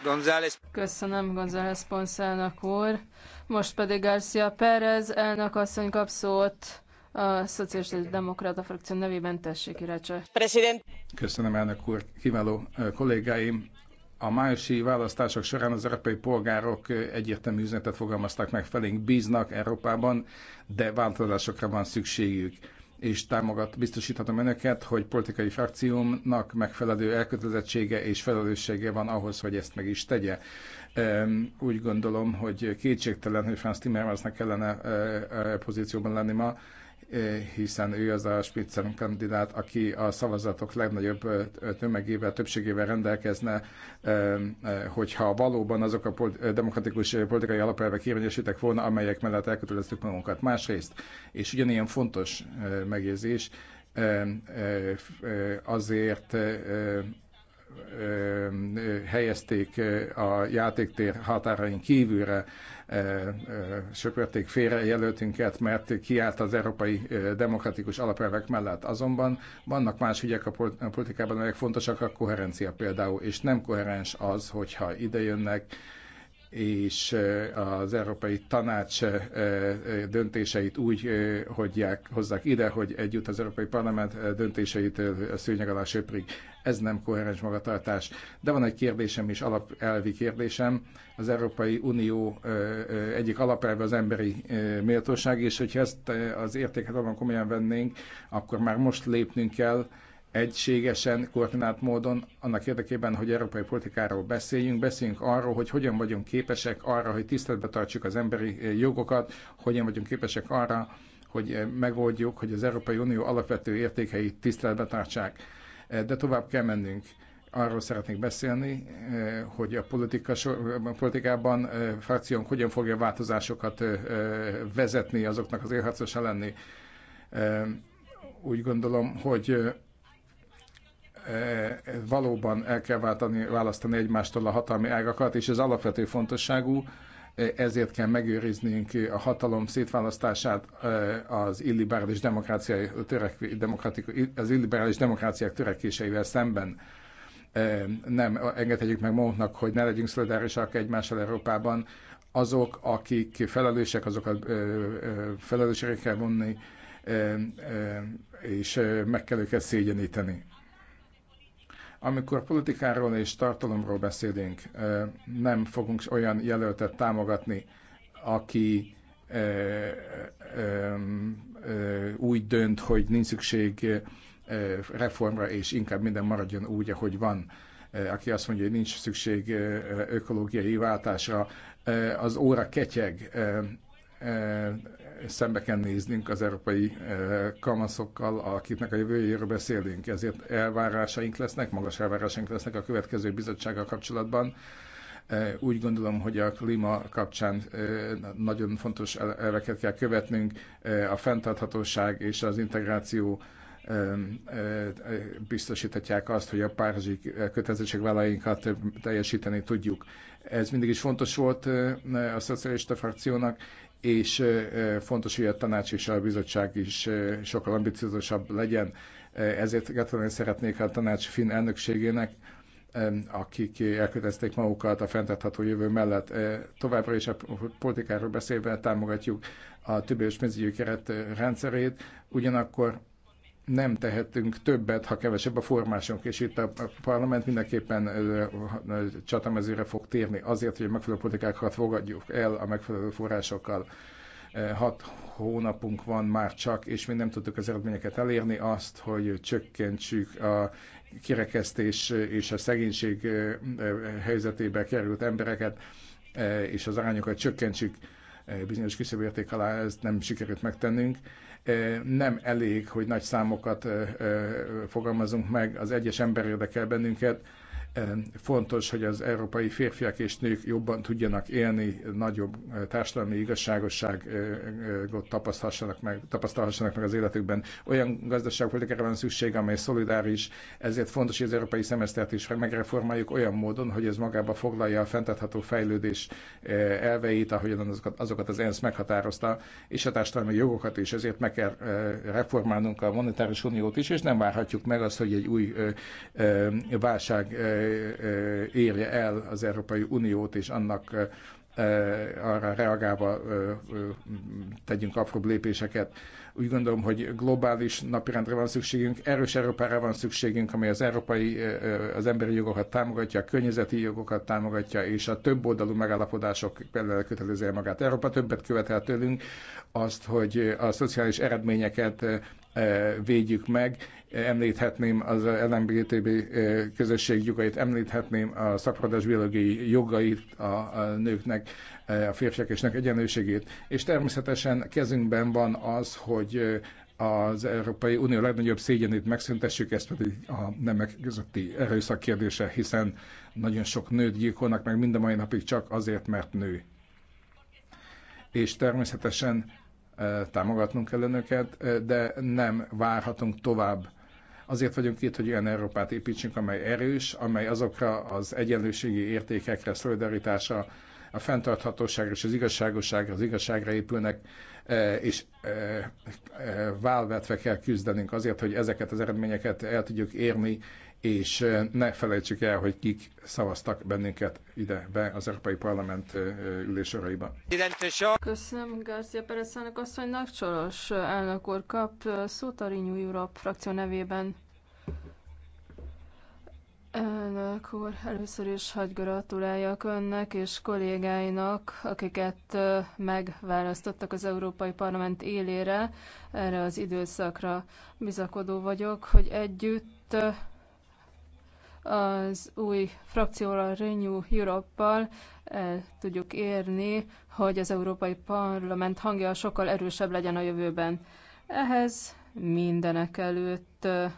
González. Köszönöm González Ponszának úr. Most pedig Garcia Pérez elnök asszony kap szót. A Szocialista Demokrata frakció nevében tessék, Irácsa. Köszönöm, elnök úr. Kiváló kollégáim, a májusi választások során az európai polgárok egyértelmű üzenetet fogalmaztak meg felénk, bíznak Európában, de változásokra van szükségük és támogat, biztosíthatom önöket, hogy politikai frakciómnak megfelelő elkötelezettsége és felelőssége van ahhoz, hogy ezt meg is tegye. Úgy gondolom, hogy kétségtelen, hogy Franz Timmermansnak kellene eh, eh, pozícióban lenni ma, Eh, hiszen ő az a Spitzen kandidát, aki a szavazatok legnagyobb eh, tömegével, többségével rendelkezne, eh, hogyha valóban azok a demokratikus politikai alapelvek érvényesítek volna, amelyek mellett elköteleztük magunkat. Másrészt, és ugyanilyen fontos megjegyzés, azért helyezték a játéktér határain kívülre söpörték félre jelöltünket, mert kiállt az európai demokratikus alapelvek mellett. Azonban vannak más ügyek a politikában, amelyek fontosak, a koherencia például, és nem koherens az, hogyha idejönnek és az Európai Tanács döntéseit úgy hogyják, hozzák ide, hogy együtt az Európai Parlament döntéseit a szőnyeg alá söprik. Ez nem koherens magatartás. De van egy kérdésem is, alapelvi kérdésem. Az Európai Unió egyik alapelve az emberi méltóság, és hogyha ezt az értéket abban komolyan vennénk, akkor már most lépnünk kell, egységesen, koordinált módon, annak érdekében, hogy európai politikáról beszéljünk, beszéljünk arról, hogy hogyan vagyunk képesek arra, hogy tiszteletbe tartsuk az emberi eh, jogokat, hogyan vagyunk képesek arra, hogy eh, megoldjuk, hogy az Európai Unió alapvető értékei tiszteletbe tartsák. Eh, de tovább kell mennünk. Arról szeretnék beszélni, hogy a, politika, a politikában a frakciónk hogyan fogja változásokat vezetni, azoknak az élharcosa lenni. Úgy gondolom, hogy Eh, valóban el kell váltani, választani egymástól a hatalmi ágakat, és ez alapvető fontosságú, eh, ezért kell megőriznünk a hatalom szétválasztását eh, az illiberális demokrácia, törek, az illiberális demokráciák törekvéseivel szemben. Nem engedhetjük meg magunknak, hogy ne legyünk szolidárisak egymással Európában. Azok, akik felelősek, azokat felelősségre kell vonni, és meg kell őket szégyeníteni. Amikor politikáról és tartalomról beszélünk, nem fogunk olyan jelöltet támogatni, aki úgy dönt, hogy nincs szükség reformra, és inkább minden maradjon úgy, ahogy van aki azt mondja, hogy nincs szükség ökológiai váltásra, az óra ketyeg, E, szembe kell néznünk az európai e, kamaszokkal, akiknek a jövőjéről beszélünk. Ezért elvárásaink lesznek, magas elvárásaink lesznek a következő bizottsággal kapcsolatban. E, úgy gondolom, hogy a klíma kapcsán nagyon fontos elveket kell követnünk, a fenntarthatóság és az integráció biztosíthatják azt, hogy a párizsi kötelezettségvállainkat teljesíteni tudjuk. Ez mindig is fontos volt a szocialista frakciónak, és fontos, hogy a tanács és a bizottság is sokkal ambiciózusabb legyen. Ezért gratulálni szeretnék a tanács finn elnökségének, akik elkötelezték magukat a fenntartható jövő mellett. Továbbra is a politikáról beszélve támogatjuk a többéves pénzügyi keret rendszerét, ugyanakkor nem tehetünk többet, ha kevesebb a formásunk, és itt a parlament mindenképpen csatamezőre fog térni azért, hogy a megfelelő politikákat fogadjuk el a megfelelő forrásokkal. Hat hónapunk van már csak, és mi nem tudtuk az eredményeket elérni, azt, hogy csökkentsük a kirekesztés és a szegénység helyzetébe került embereket, és az arányokat csökkentsük bizonyos kisebb alá, ezt nem sikerült megtennünk nem elég, hogy nagy számokat fogalmazunk meg, az egyes ember érdekel bennünket, Fontos, hogy az európai férfiak és nők jobban tudjanak élni, nagyobb eh, társadalmi igazságosságot tapasztalhassanak meg, tapasztalhassanak meg az életükben. Olyan gazdaságpolitikára van szükség, amely szolidáris, ezért fontos, hogy az európai szemesztert is megreformáljuk olyan módon, hogy ez magába foglalja a fenntartható fejlődés eh, elveit, ahogyan azokat, azokat az ENSZ meghatározta, és a társadalmi jogokat is. Ezért meg kell eh, reformálnunk a monetáris uniót is, és nem várhatjuk meg azt, hogy egy új válság érje el az Európai Uniót, és annak arra reagálva tegyünk apróbb lépéseket. Úgy gondolom, hogy globális napirendre van szükségünk, erős Európára van szükségünk, amely az európai, az emberi jogokat támogatja, a környezeti jogokat támogatja, és a több oldalú megállapodások belőle kötelezi magát. Európa többet követel tőlünk azt, hogy a szociális eredményeket E, védjük meg. Említhetném az LMBTB e, közösség jogait, említhetném a szakadás biológiai jogait a nőknek, e, a férfiak és nők egyenlőségét. És természetesen kezünkben van az, hogy az Európai Unió legnagyobb szégyenét megszüntessük, ez pedig a nemek közötti erőszak kérdése, hiszen nagyon sok nőt gyilkolnak meg mind a mai napig csak azért, mert nő. És természetesen támogatnunk kell önöket, de nem várhatunk tovább. Azért vagyunk itt, hogy olyan Európát építsünk, amely erős, amely azokra az egyenlőségi értékekre, szolidaritásra, a fenntarthatóságra és az igazságosságra, az igazságra épülnek, és válvetve kell küzdenünk azért, hogy ezeket az eredményeket el tudjuk érni és ne felejtsük el, hogy kik szavaztak bennünket ide be az Európai Parlament ülésoraiba. Köszönöm Garcia Perez elnök asszonynak, Csoros elnök úr kap szót a Renew Europe frakció nevében. Elnök úr, először is hagy gratuláljak önnek és kollégáinak, akiket megválasztottak az Európai Parlament élére erre az időszakra. Bizakodó vagyok, hogy együtt az új frakcióval, a Renew Europe-bal el tudjuk érni, hogy az Európai Parlament hangja sokkal erősebb legyen a jövőben. Ehhez mindenek előtt e,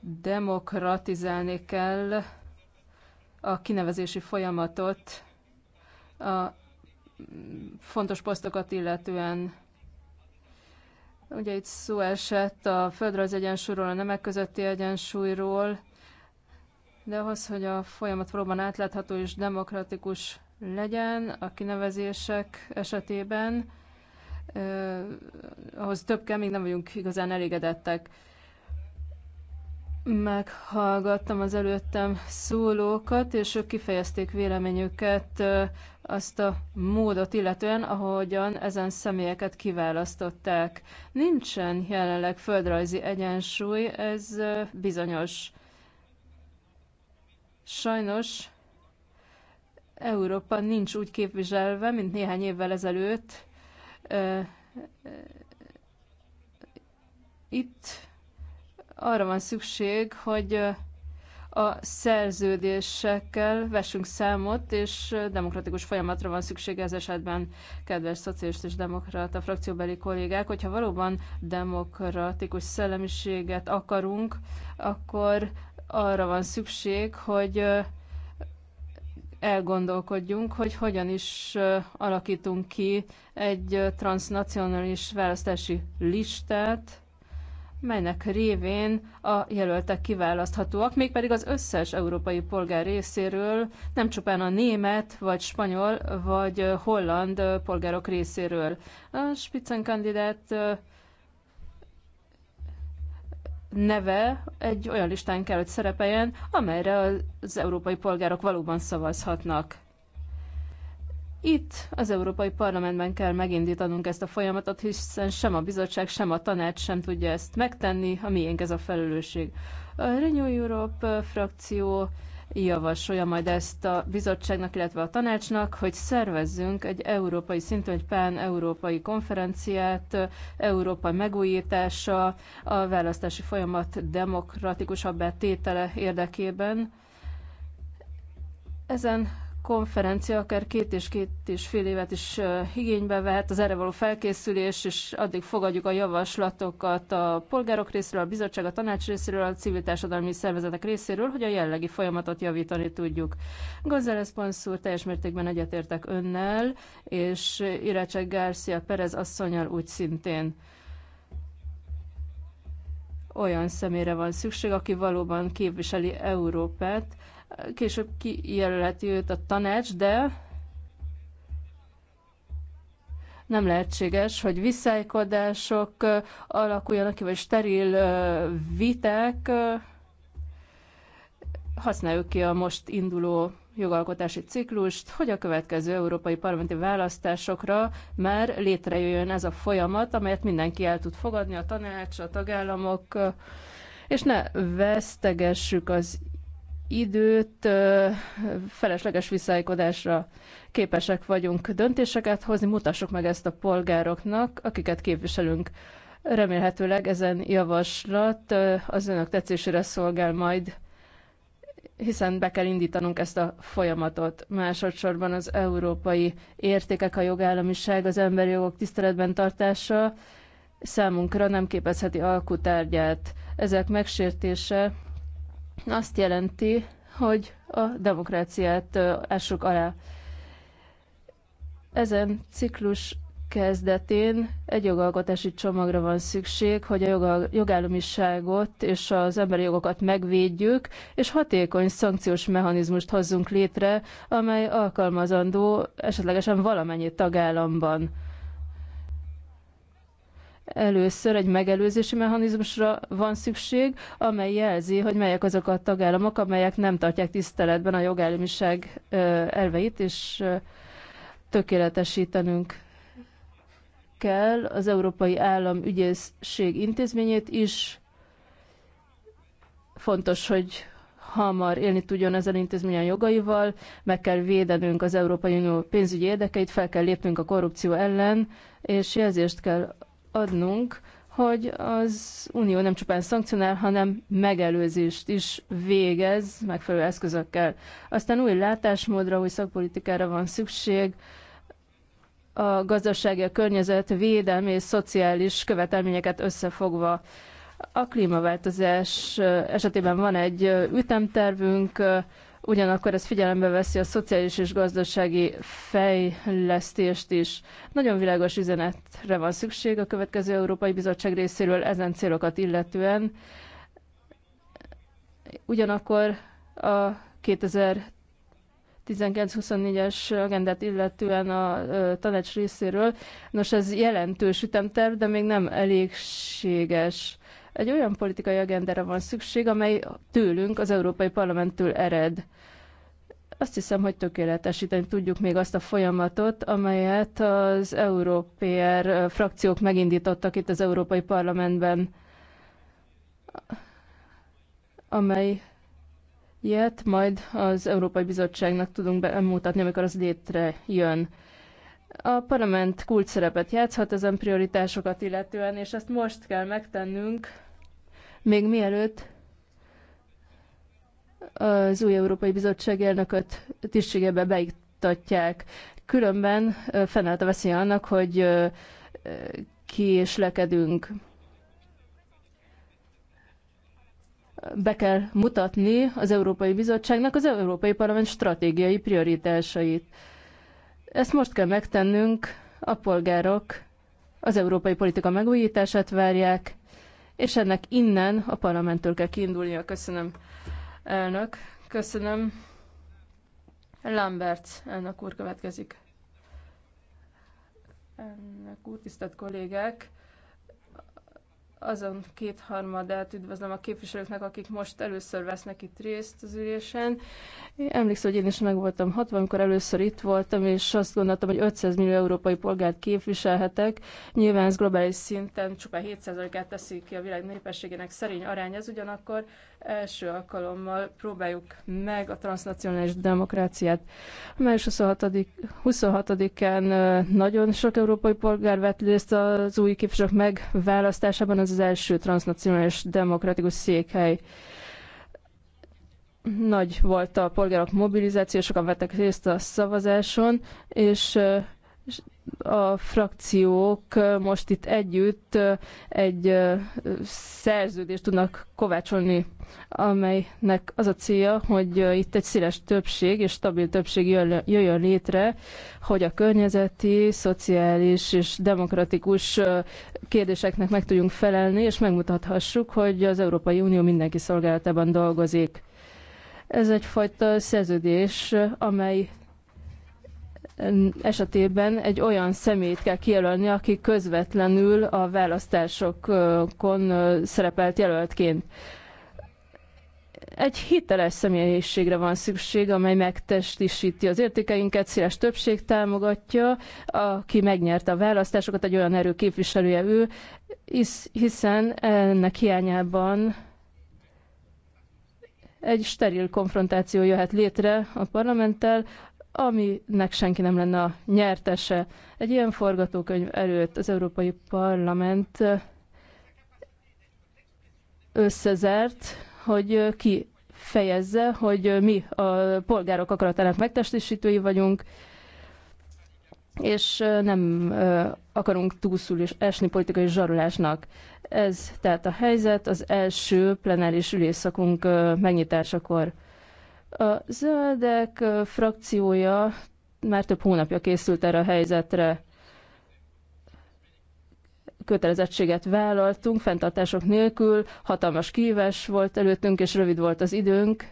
demokratizálni kell a kinevezési folyamatot, a fontos posztokat illetően Ugye itt szó esett a földrajz egyensúlyról, a nemek közötti egyensúlyról, de ahhoz, hogy a folyamat valóban átlátható és demokratikus legyen a kinevezések esetében, eh, ahhoz több kell, még nem vagyunk igazán elégedettek. Meghallgattam az előttem szólókat, és ők kifejezték véleményüket azt a módot illetően, ahogyan ezen személyeket kiválasztották. Nincsen jelenleg földrajzi egyensúly, ez bizonyos. Sajnos Európa nincs úgy képviselve, mint néhány évvel ezelőtt. Itt arra van szükség, hogy a szerződésekkel vessünk számot, és demokratikus folyamatra van szükség ez esetben, kedves szociális és demokrata frakcióbeli kollégák, hogyha valóban demokratikus szellemiséget akarunk, akkor arra van szükség, hogy elgondolkodjunk, hogy hogyan is alakítunk ki egy transnacionális választási listát, melynek révén a jelöltek kiválaszthatóak, mégpedig az összes európai polgár részéről, nem csupán a német, vagy spanyol, vagy holland polgárok részéről. A Spitzenkandidát kandidát neve egy olyan listán kell, hogy szerepeljen, amelyre az európai polgárok valóban szavazhatnak. Itt az Európai Parlamentben kell megindítanunk ezt a folyamatot, hiszen sem a bizottság, sem a tanács sem tudja ezt megtenni, a miénk ez a felelősség. A Renew Europe frakció javasolja majd ezt a bizottságnak, illetve a tanácsnak, hogy szervezzünk egy európai szintű, egy pán-európai konferenciát, Európa megújítása, a választási folyamat demokratikusabbá tétele érdekében. Ezen konferencia akár két és két és fél évet is igénybe vehet az erre való felkészülés, és addig fogadjuk a javaslatokat a polgárok részéről, a bizottság, a tanács részéről, a civil társadalmi szervezetek részéről, hogy a jellegi folyamatot javítani tudjuk. González Ponszúr teljes mértékben egyetértek önnel, és Irácsek Garcia Perez asszonyal úgy szintén olyan szemére van szükség, aki valóban képviseli Európát, Később kijelölheti őt a tanács, de nem lehetséges, hogy visszájkodások alakuljanak ki, vagy steril viták. Használjuk ki a most induló jogalkotási ciklust, hogy a következő európai parlamenti választásokra már létrejöjjön ez a folyamat, amelyet mindenki el tud fogadni, a tanács, a tagállamok, és ne vesztegessük az időt felesleges viszálykodásra képesek vagyunk döntéseket hozni, mutassuk meg ezt a polgároknak, akiket képviselünk. Remélhetőleg ezen javaslat az önök tetszésére szolgál majd, hiszen be kell indítanunk ezt a folyamatot. Másodszorban az európai értékek, a jogállamiság, az emberi jogok tiszteletben tartása számunkra nem képezheti alkutárgyát. Ezek megsértése azt jelenti, hogy a demokráciát ássuk alá. Ezen ciklus kezdetén egy jogalkotási csomagra van szükség, hogy a jogállamiságot és az emberi jogokat megvédjük, és hatékony szankciós mechanizmust hozzunk létre, amely alkalmazandó esetlegesen valamennyi tagállamban. Először egy megelőzési mechanizmusra van szükség, amely jelzi, hogy melyek azok a tagállamok, amelyek nem tartják tiszteletben a jogállamiság elveit, és tökéletesítenünk kell az Európai Állam ügyészség intézményét is. Fontos, hogy hamar élni tudjon ezen intézmény a jogaival, meg kell védenünk az Európai Unió pénzügyi érdekeit, fel kell lépnünk a korrupció ellen, és jelzést kell adnunk, hogy az Unió nem csupán szankcionál, hanem megelőzést is végez megfelelő eszközökkel. Aztán új látásmódra, új szakpolitikára van szükség, a gazdasági, a környezet, védelmi és szociális követelményeket összefogva. A klímaváltozás esetében van egy ütemtervünk, ugyanakkor ez figyelembe veszi a szociális és gazdasági fejlesztést is. Nagyon világos üzenetre van szükség a következő Európai Bizottság részéről ezen célokat illetően. Ugyanakkor a 2019-24-es agendát illetően a tanács részéről. Nos, ez jelentős ütemterv, de még nem elégséges egy olyan politikai agendára van szükség, amely tőlünk, az Európai Parlamenttől ered. Azt hiszem, hogy tökéletesíteni tudjuk még azt a folyamatot, amelyet az Európér frakciók megindítottak itt az Európai Parlamentben, amely ilyet majd az Európai Bizottságnak tudunk bemutatni, amikor az létre jön. A parlament kult szerepet játszhat ezen prioritásokat illetően, és ezt most kell megtennünk, még mielőtt az új Európai Bizottság elnököt tisztségebe beiktatják. Különben fennállt a veszély annak, hogy késlekedünk. Be kell mutatni az Európai Bizottságnak az Európai Parlament stratégiai prioritásait. Ezt most kell megtennünk, a polgárok az európai politika megújítását várják, és ennek innen a parlamenttől kell kiindulnia. Köszönöm, elnök. Köszönöm. Lambert, elnök úr következik. Elnök úr, tisztelt kollégák! azon kétharmadát üdvözlöm a képviselőknek, akik most először vesznek itt részt az ülésen. Én emlékszem, hogy én is meg voltam 60, amikor először itt voltam, és azt gondoltam, hogy 500 millió európai polgárt képviselhetek. Nyilván ez globális szinten csupán 7%-át teszik ki a világ népességének szerény arány. Ez ugyanakkor első alkalommal próbáljuk meg a transnacionális demokráciát. Május 26-án 26 nagyon sok európai polgár vett részt az új képviselők megválasztásában az az első transnacionális demokratikus székhely. Nagy volt a polgárok mobilizáció, sokan vettek részt a szavazáson, és a frakciók most itt együtt egy szerződést tudnak kovácsolni, amelynek az a célja, hogy itt egy széles többség és stabil többség jöjjön létre, hogy a környezeti, szociális és demokratikus kérdéseknek meg tudjunk felelni, és megmutathassuk, hogy az Európai Unió mindenki szolgálatában dolgozik. Ez egyfajta szerződés, amely esetében egy olyan személyt kell kijelölni, aki közvetlenül a választásokon szerepelt jelöltként. Egy hiteles személyiségre van szükség, amely megtestisíti az értékeinket, széles többség támogatja, aki megnyerte a választásokat, egy olyan erő képviselője ő, hiszen ennek hiányában egy steril konfrontáció jöhet létre a parlamenttel, aminek senki nem lenne a nyertese. Egy ilyen forgatókönyv előtt az Európai Parlament összezert, hogy ki fejezze, hogy mi a polgárok akaratának megtestesítői vagyunk, és nem akarunk túlszul és esni politikai zsarolásnak. Ez tehát a helyzet az első plenáris ülésszakunk megnyitásakor. A zöldek frakciója már több hónapja készült erre a helyzetre. Kötelezettséget vállaltunk, fenntartások nélkül, hatalmas kíves volt előttünk, és rövid volt az időnk.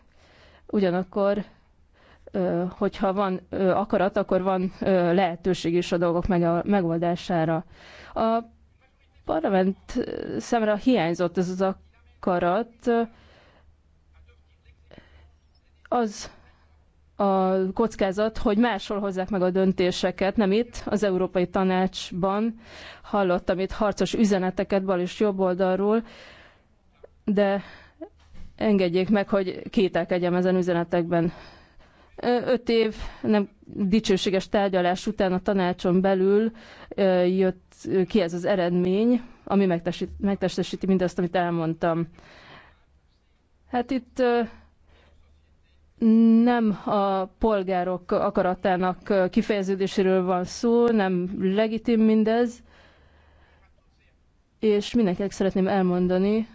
Ugyanakkor, hogyha van akarat, akkor van lehetőség is a dolgok megoldására. A parlament szemre hiányzott ez az akarat, az a kockázat, hogy máshol hozzák meg a döntéseket, nem itt, az Európai Tanácsban hallottam itt harcos üzeneteket bal és jobb oldalról, de engedjék meg, hogy kételkedjem ezen üzenetekben. Öt év nem dicsőséges tárgyalás után a tanácson belül jött ki ez az eredmény, ami megtestesíti mindazt, amit elmondtam. Hát itt nem a polgárok akaratának kifejeződéséről van szó, nem legitim mindez, és mindenkinek szeretném elmondani,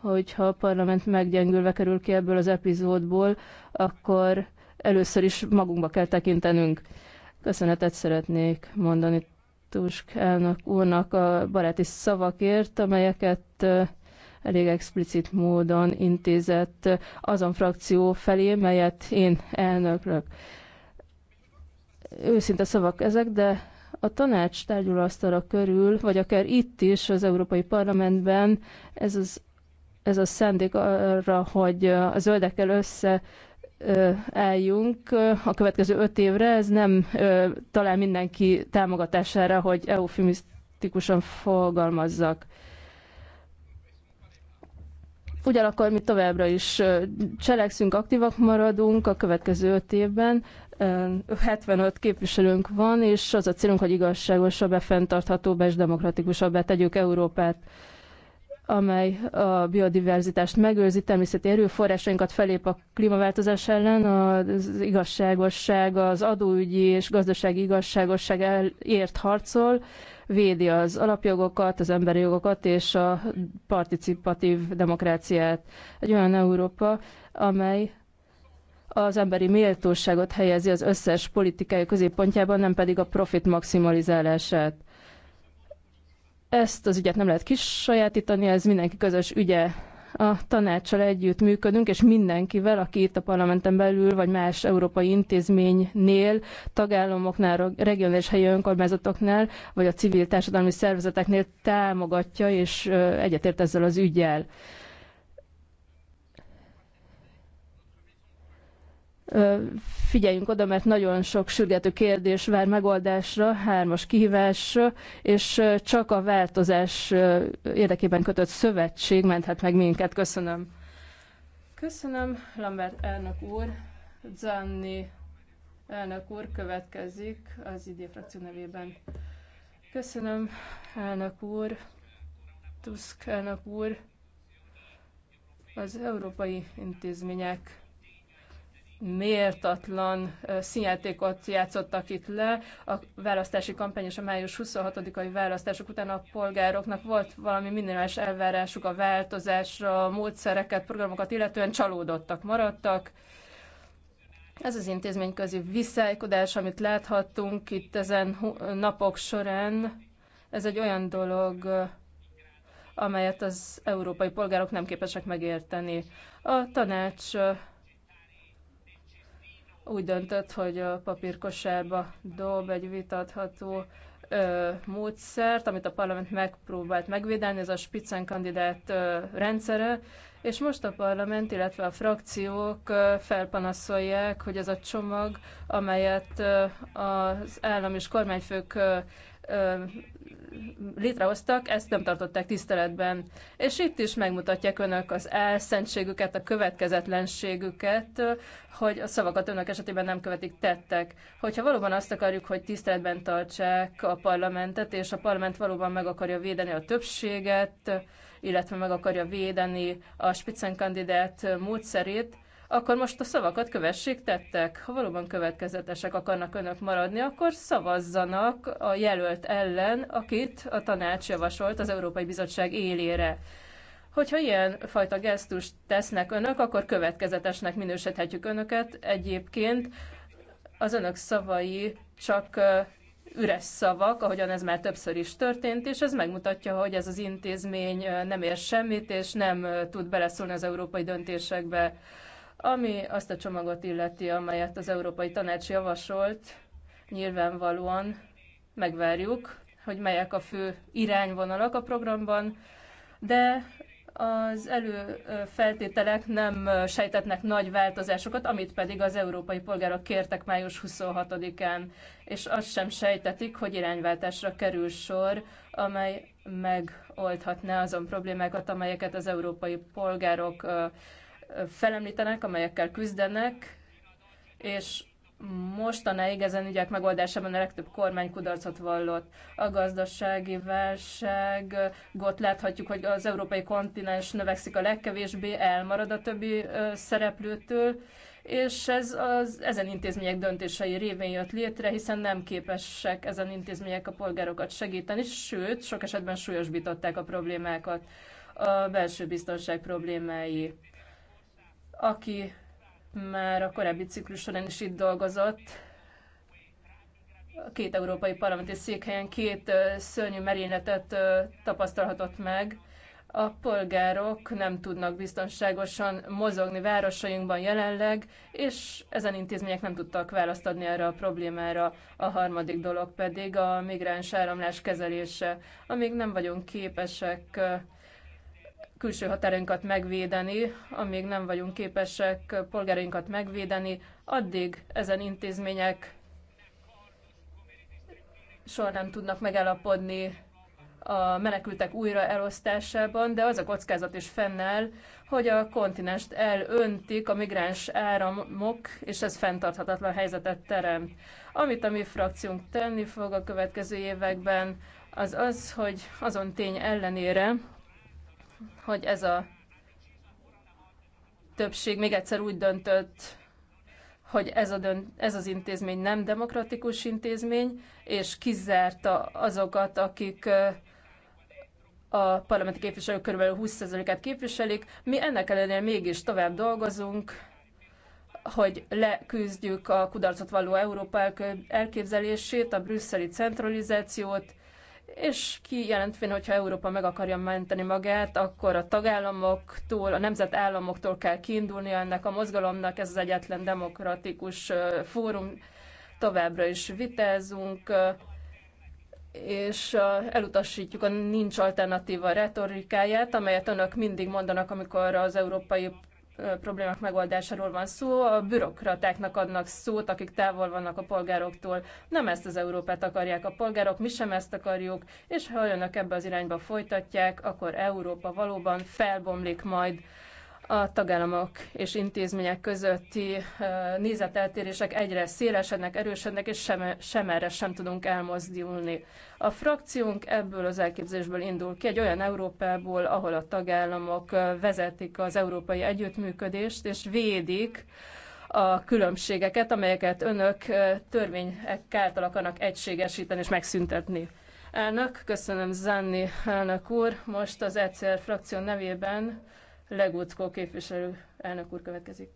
hogyha a parlament meggyengülve kerül ki ebből az epizódból, akkor először is magunkba kell tekintenünk. Köszönetet szeretnék mondani Tusk elnök úrnak a baráti szavakért, amelyeket elég explicit módon intézett azon frakció felé, melyet én elnöklök. Őszinte szavak ezek, de a tanács tárgyalóasztala körül, vagy akár itt is az Európai Parlamentben ez, az, ez a szendék arra, hogy a zöldekkel össze álljunk a következő öt évre, ez nem talál mindenki támogatására, hogy eufemisztikusan fogalmazzak. Ugyanakkor mi továbbra is cselekszünk, aktívak maradunk a következő öt évben. 75 képviselőnk van, és az a célunk, hogy igazságosabb, fenntarthatóbb és demokratikusabb tegyük Európát amely a biodiverzitást megőrzi, természeti erőforrásainkat felép a klímaváltozás ellen, az igazságosság, az adóügyi és gazdasági igazságosság elért harcol, védi az alapjogokat, az emberi jogokat és a participatív demokráciát. Egy olyan Európa, amely az emberi méltóságot helyezi az összes politikai középpontjában, nem pedig a profit maximalizálását. Ezt az ügyet nem lehet kisajátítani, ez mindenki közös ügye a tanácssal együtt működünk, és mindenkivel, aki itt a parlamenten belül, vagy más európai intézménynél, tagállamoknál, regionális helyi önkormányzatoknál, vagy a civil társadalmi szervezeteknél támogatja és egyetért ezzel az ügyel. figyeljünk oda, mert nagyon sok sürgető kérdés vár megoldásra, hármas kihívásra, és csak a változás érdekében kötött szövetség menthet meg minket. Köszönöm. Köszönöm, Lambert elnök úr. Zanni elnök úr következik az ID frakció nevében. Köszönöm, elnök úr, Tusk elnök úr, az európai intézmények méltatlan színjátékot játszottak itt le. A választási kampány és a május 26-ai választások után a polgároknak volt valami minimális elvárásuk a változásra, a módszereket, programokat illetően csalódottak, maradtak. Ez az intézményközi visszájkodás, amit láthattunk itt ezen napok során, ez egy olyan dolog, amelyet az európai polgárok nem képesek megérteni. A tanács úgy döntött, hogy a papírkosárba dob egy vitatható ö, módszert, amit a parlament megpróbált megvédelni, ez a Spitzen kandidát ö, rendszere, és most a parlament, illetve a frakciók ö, felpanaszolják, hogy ez a csomag, amelyet ö, az állam és kormányfők ö, létrehoztak, ezt nem tartották tiszteletben. És itt is megmutatják önök az elszentségüket, a következetlenségüket, hogy a szavakat önök esetében nem követik tettek. Hogyha valóban azt akarjuk, hogy tiszteletben tartsák a parlamentet, és a parlament valóban meg akarja védeni a többséget, illetve meg akarja védeni a spitzenkandidát módszerét, akkor most a szavakat kövessék tettek. Ha valóban következetesek akarnak önök maradni, akkor szavazzanak a jelölt ellen, akit a tanács javasolt az Európai Bizottság élére. Hogyha ilyen fajta gesztust tesznek önök, akkor következetesnek minősíthetjük önöket. Egyébként az önök szavai csak üres szavak, ahogyan ez már többször is történt, és ez megmutatja, hogy ez az intézmény nem ér semmit, és nem tud beleszólni az európai döntésekbe. Ami azt a csomagot illeti, amelyet az Európai Tanács javasolt, nyilvánvalóan megvárjuk, hogy melyek a fő irányvonalak a programban, de az előfeltételek nem sejtetnek nagy változásokat, amit pedig az európai polgárok kértek május 26-án, és azt sem sejtetik, hogy irányváltásra kerül sor, amely megoldhatná azon problémákat, amelyeket az európai polgárok felemlítenek, amelyekkel küzdenek, és mostanáig ezen ügyek megoldásában a legtöbb kormány kudarcot vallott. A gazdasági válságot láthatjuk, hogy az európai kontinens növekszik a legkevésbé, elmarad a többi szereplőtől, és ez az ezen intézmények döntései révén jött létre, hiszen nem képesek ezen intézmények a polgárokat segíteni, sőt, sok esetben súlyosbították a problémákat, a belső biztonság problémái aki már a korábbi ciklus során is itt dolgozott, két európai parlamenti székhelyen két szörnyű merényletet tapasztalhatott meg. A polgárok nem tudnak biztonságosan mozogni városainkban jelenleg, és ezen intézmények nem tudtak választ adni erre a problémára. A harmadik dolog pedig a migráns áramlás kezelése. Amíg nem vagyunk képesek külső határainkat megvédeni, amíg nem vagyunk képesek polgárainkat megvédeni, addig ezen intézmények soha nem tudnak megállapodni a menekültek újra elosztásában, de az a kockázat is fennáll, hogy a kontinest elöntik a migráns áramok, és ez fenntarthatatlan helyzetet terem. Amit a mi frakciónk tenni fog a következő években, az az, hogy azon tény ellenére, hogy ez a többség még egyszer úgy döntött, hogy ez, a dönt, ez az intézmény nem demokratikus intézmény, és kizárta azokat, akik a parlamenti képviselők kb. 20%-át képviselik. Mi ennek ellenére mégis tovább dolgozunk, hogy leküzdjük a kudarcot valló Európa elképzelését, a brüsszeli centralizációt, és kijelentvén, hogyha Európa meg akarja menteni magát, akkor a tagállamoktól, a nemzetállamoktól kell kiindulnia ennek a mozgalomnak, ez az egyetlen demokratikus fórum, továbbra is vitázunk, és elutasítjuk a nincs alternatíva retorikáját, amelyet önök mindig mondanak, amikor az európai problémák megoldásáról van szó, a bürokratáknak adnak szót, akik távol vannak a polgároktól. Nem ezt az Európát akarják a polgárok, mi sem ezt akarjuk, és ha önök ebbe az irányba folytatják, akkor Európa valóban felbomlik majd a tagállamok és intézmények közötti nézeteltérések egyre szélesednek, erősödnek, és sem, sem erre sem tudunk elmozdulni. A frakciónk ebből az elképzésből indul ki, egy olyan Európából, ahol a tagállamok vezetik az európai együttműködést, és védik a különbségeket, amelyeket önök törvények által akarnak egységesíteni és megszüntetni. Elnök, köszönöm Zanni elnök úr, most az ECR frakció nevében Leguckó képviselő elnök úr következik.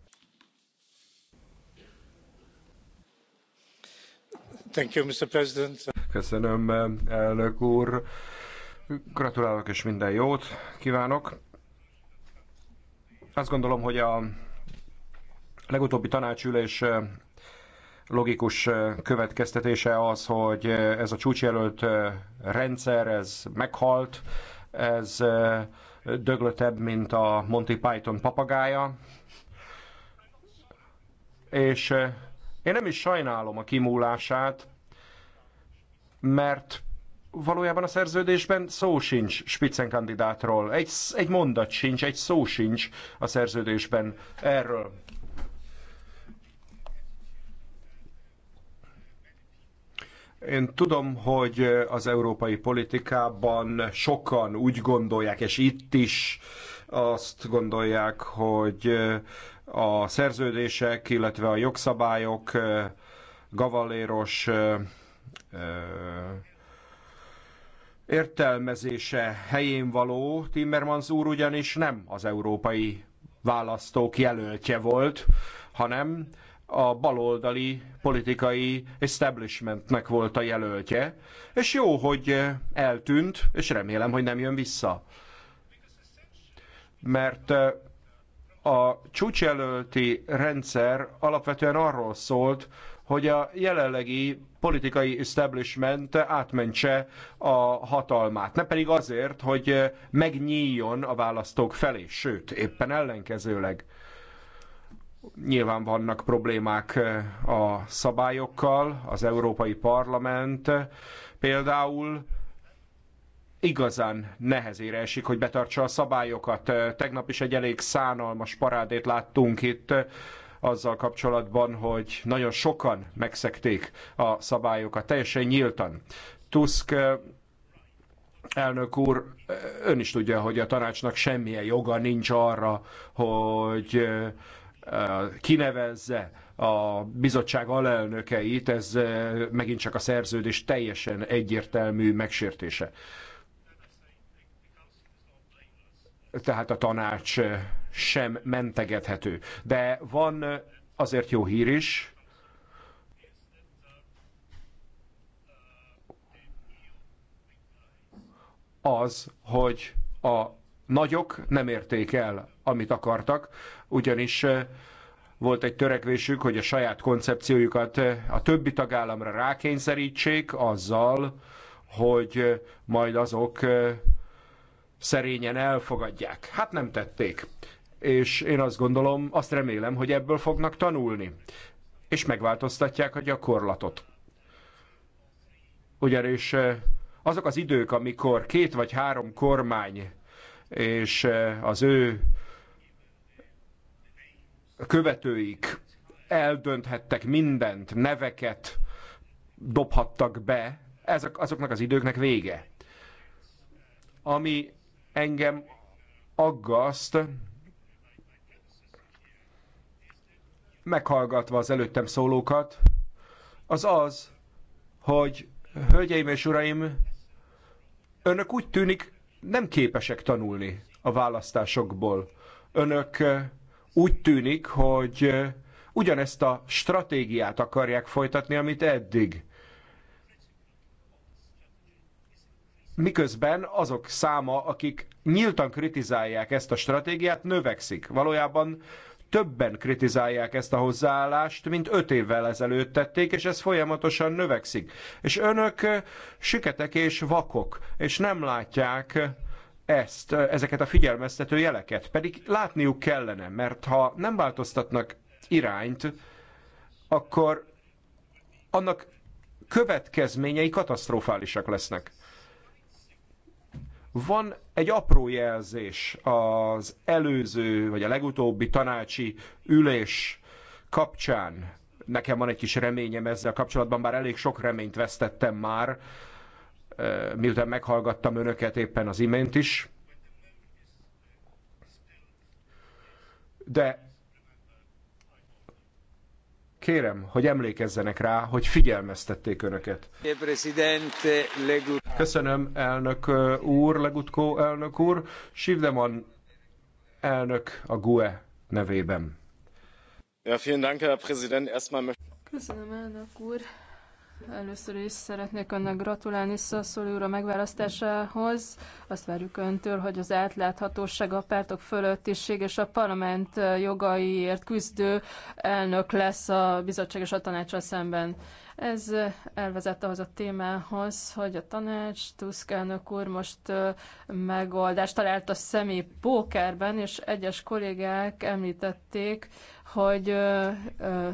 Thank you, Mr. President. Köszönöm, elnök úr. Gratulálok és minden jót kívánok. Azt gondolom, hogy a legutóbbi tanácsülés logikus következtetése az, hogy ez a csúcsjelölt rendszer, ez meghalt, ez döglötebb, mint a Monty Python papagája. És eh, én nem is sajnálom a kimúlását, mert valójában a szerződésben szó sincs Spitzenkandidátról. Egy, egy mondat sincs, egy szó sincs a szerződésben erről. Én tudom, hogy az európai politikában sokan úgy gondolják, és itt is azt gondolják, hogy a szerződések, illetve a jogszabályok gavaléros értelmezése helyén való. Timmermans úr ugyanis nem az európai választók jelöltje volt, hanem a baloldali politikai establishmentnek volt a jelöltje, és jó, hogy eltűnt, és remélem, hogy nem jön vissza. Mert a csúcsjelölti rendszer alapvetően arról szólt, hogy a jelenlegi politikai establishment átmentse a hatalmát. Ne pedig azért, hogy megnyíljon a választók felé, sőt, éppen ellenkezőleg. Nyilván vannak problémák eh, a szabályokkal, az Európai Parlament eh, például igazán nehezére esik, hogy betartsa a szabályokat. Eh, tegnap is egy elég szánalmas parádét láttunk itt azzal kapcsolatban, hogy nagyon sokan megszekték a szabályokat, teljesen nyíltan. Tusk elnök úr, ön is tudja, hogy a tanácsnak semmilyen joga nincs arra, hogy kinevezze a bizottság alelnökeit, ez megint csak a szerződés teljesen egyértelmű megsértése. Tehát a tanács sem mentegethető. De van azért jó hír is, az, hogy a nagyok nem érték el, amit akartak, ugyanis eh, volt egy törekvésük, hogy a saját koncepciójukat eh, a többi tagállamra rákényszerítsék azzal, hogy eh, majd azok szerényen elfogadják. Hát nem tették. És én azt gondolom, azt remélem, hogy ebből fognak tanulni. És megváltoztatják a gyakorlatot. Ugyanis azok az idők, amikor két vagy három kormány és az ő a követőik eldönthettek mindent, neveket dobhattak be, ezek, azoknak az időknek vége. Ami engem aggaszt, meghallgatva az előttem szólókat, az az, hogy hölgyeim és uraim, önök úgy tűnik nem képesek tanulni a választásokból. Önök úgy tűnik, hogy ugyanezt a stratégiát akarják folytatni, amit eddig. miközben azok száma, akik nyíltan kritizálják ezt a stratégiát, növekszik. Valójában többen kritizálják ezt a hozzáállást, mint öt évvel ezelőtt tették, és ez folyamatosan növekszik. És önök süketek és vakok, és nem látják, ezt, ezeket a figyelmeztető jeleket. Pedig látniuk kellene, mert ha nem változtatnak irányt, akkor annak következményei katasztrofálisak lesznek. Van egy apró jelzés az előző, vagy a legutóbbi tanácsi ülés kapcsán. Nekem van egy kis reményem ezzel kapcsolatban, bár elég sok reményt vesztettem már, miután meghallgattam önöket éppen az imént is. De kérem, hogy emlékezzenek rá, hogy figyelmeztették önöket. Köszönöm, elnök úr, legutkó elnök úr. Sivdeman elnök a GUE nevében. Köszönöm, elnök úr. Először is szeretnék önnek gratulálni Szaszoli úr a megválasztásához. Azt várjuk öntől, hogy az átláthatóság a pártok fölöttiség és a parlament jogaiért küzdő elnök lesz a bizottság és a tanácsra szemben. Ez elvezette ahhoz a témához, hogy a tanács Tusk elnök úr most megoldást talált a személy pókerben, és egyes kollégák említették, hogy ö, ö,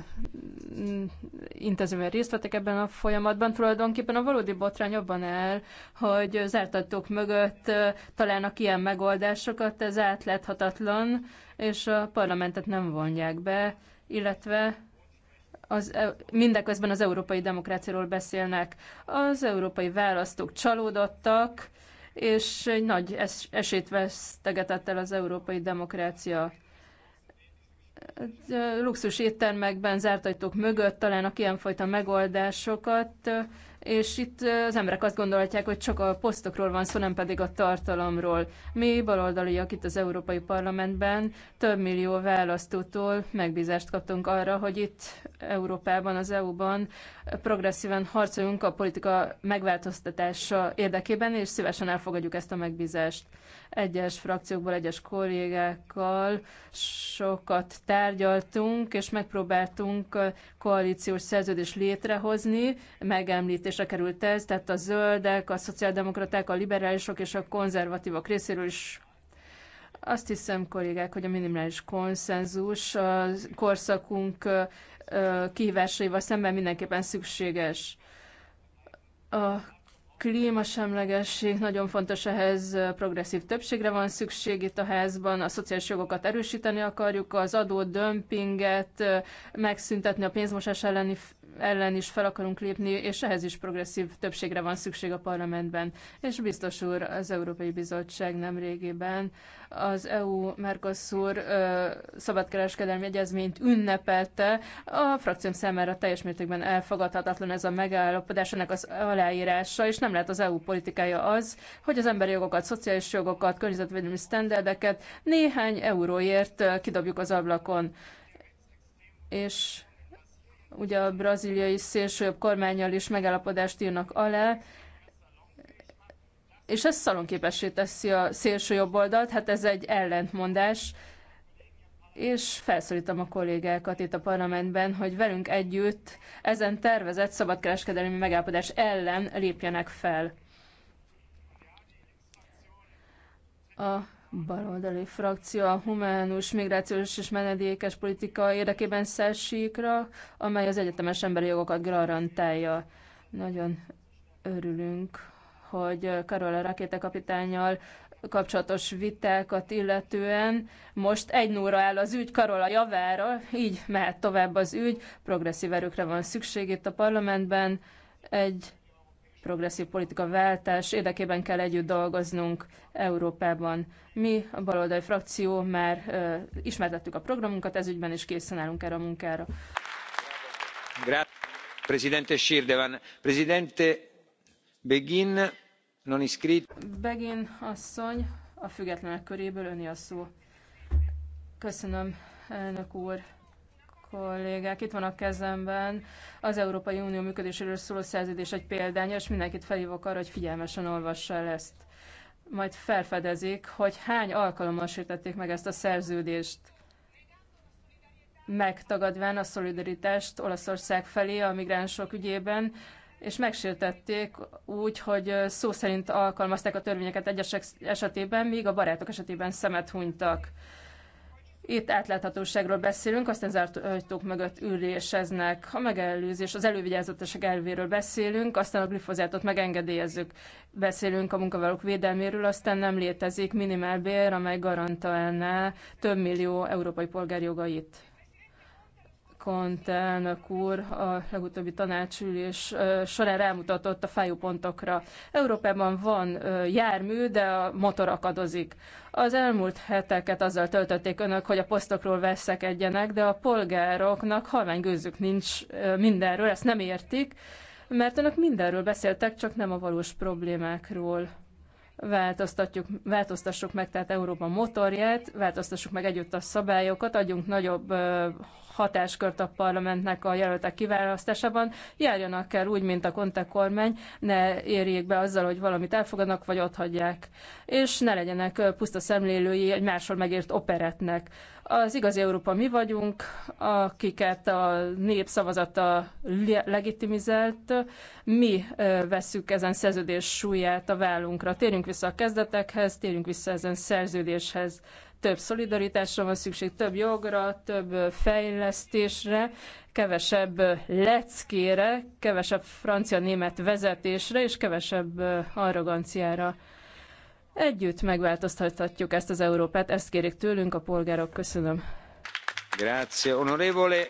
intenzíven részt vettek ebben a folyamatban. Tulajdonképpen a valódi botrány abban el, hogy zártatók mögött ö, találnak ilyen megoldásokat, ez átláthatatlan, és a parlamentet nem vonják be, illetve az, e, mindeközben az európai demokráciáról beszélnek. Az európai választók csalódottak, és egy nagy es esélyt vesztegetett el az európai demokrácia luxus éttermekben, zárt ajtók mögött találnak ilyenfajta megoldásokat, és itt az emberek azt gondolják, hogy csak a posztokról van szó, nem pedig a tartalomról. Mi baloldaliak itt az Európai Parlamentben több millió választótól megbízást kaptunk arra, hogy itt Európában, az EU-ban progresszíven harcoljunk a politika megváltoztatása érdekében, és szívesen elfogadjuk ezt a megbízást. Egyes frakciókból, egyes kollégákkal sokat tárgyaltunk, és megpróbáltunk koalíciós szerződést létrehozni, megemlítés kérdésre került ez, tehát a zöldek, a szociáldemokraták, a liberálisok és a konzervatívok részéről is azt hiszem, kollégák, hogy a minimális konszenzus a korszakunk kihívásaival szemben mindenképpen szükséges. A klímasemlegesség nagyon fontos, ehhez progresszív többségre van szükség itt a házban, a szociális jogokat erősíteni akarjuk, az adó dömpinget megszüntetni, a pénzmosás elleni ellen is fel akarunk lépni, és ehhez is progresszív többségre van szükség a parlamentben. És biztos úr, az Európai Bizottság nem régében az EU-Mercosur szabadkereskedelmi egyezményt ünnepelte. A frakcióm számára teljes mértékben elfogadhatatlan ez a megállapodás, ennek az aláírása, és nem lehet az EU politikája az, hogy az emberi jogokat, szociális jogokat, környezetvédelmi sztenderdeket néhány euróért kidobjuk az ablakon. És ugye a braziliai szélsőbb kormányjal is megállapodást írnak alá, és ez szalonképessé teszi a szélső jobb oldalt, hát ez egy ellentmondás, és felszólítom a kollégákat itt a parlamentben, hogy velünk együtt ezen tervezett szabadkereskedelmi megállapodás ellen lépjenek fel. A baloldali frakció a humánus, migrációs és menedékes politika érdekében szersíkra, amely az egyetemes emberi jogokat garantálja. Nagyon örülünk, hogy Karola a kapitányjal kapcsolatos vitákat illetően. Most egy nóra áll az ügy, Karola javára, így mehet tovább az ügy, progresszív erőkre van szükség itt a parlamentben. Egy progresszív politika váltás érdekében kell együtt dolgoznunk Európában. Mi, a baloldali frakció már ö, ismertettük a programunkat, ez is készen állunk erre a munkára. Presidente Sirdevan. Presidente Begin, non iscrit. Begin asszony, a függetlenek köréből öni a szó. Köszönöm, elnök úr kollégák, itt van a kezemben az Európai Unió működéséről szóló szerződés egy példány, és mindenkit felhívok arra, hogy figyelmesen olvassa el ezt. Majd felfedezik, hogy hány alkalommal sértették meg ezt a szerződést megtagadván a szolidaritást Olaszország felé a migránsok ügyében, és megsértették úgy, hogy szó szerint alkalmazták a törvényeket egyesek esetében, míg a barátok esetében szemet hunytak. Itt átláthatóságról beszélünk, aztán zárt ajtók mögött üléseznek. A megelőzés, az elővigyázatosság elvéről beszélünk, aztán a glifozátot megengedélyezzük. Beszélünk a munkavállalók védelméről, aztán nem létezik minimálbér, amely garantálná több millió európai polgár jogait. Viszont elnök úr a legutóbbi tanácsülés során rámutatott a fájó pontokra. Európában van jármű, de a motor akadozik. Az elmúlt heteket azzal töltötték önök, hogy a posztokról veszekedjenek, de a polgároknak halvány gőzük nincs mindenről, ezt nem értik, mert önök mindenről beszéltek, csak nem a valós problémákról változtatjuk, változtassuk meg tehát Európa motorját, változtassuk meg együtt a szabályokat, adjunk nagyobb hatáskört a parlamentnek a jelöltek kiválasztásában. Járjanak el úgy, mint a Conte kormány, ne érjék be azzal, hogy valamit elfogadnak, vagy hagyják, És ne legyenek puszta szemlélői egy máshol megért operetnek. Az igazi Európa mi vagyunk, akiket a nép szavazata legitimizált, mi veszük ezen szerződés súlyát a vállunkra. Térjünk vissza a kezdetekhez, térjünk vissza ezen szerződéshez több szolidaritásra van szükség, több jogra, több fejlesztésre, kevesebb leckére, kevesebb francia-német vezetésre és kevesebb arroganciára. Együtt megváltoztathatjuk ezt az Európát, ezt kérik tőlünk a polgárok. Köszönöm. Grazie, onorevole.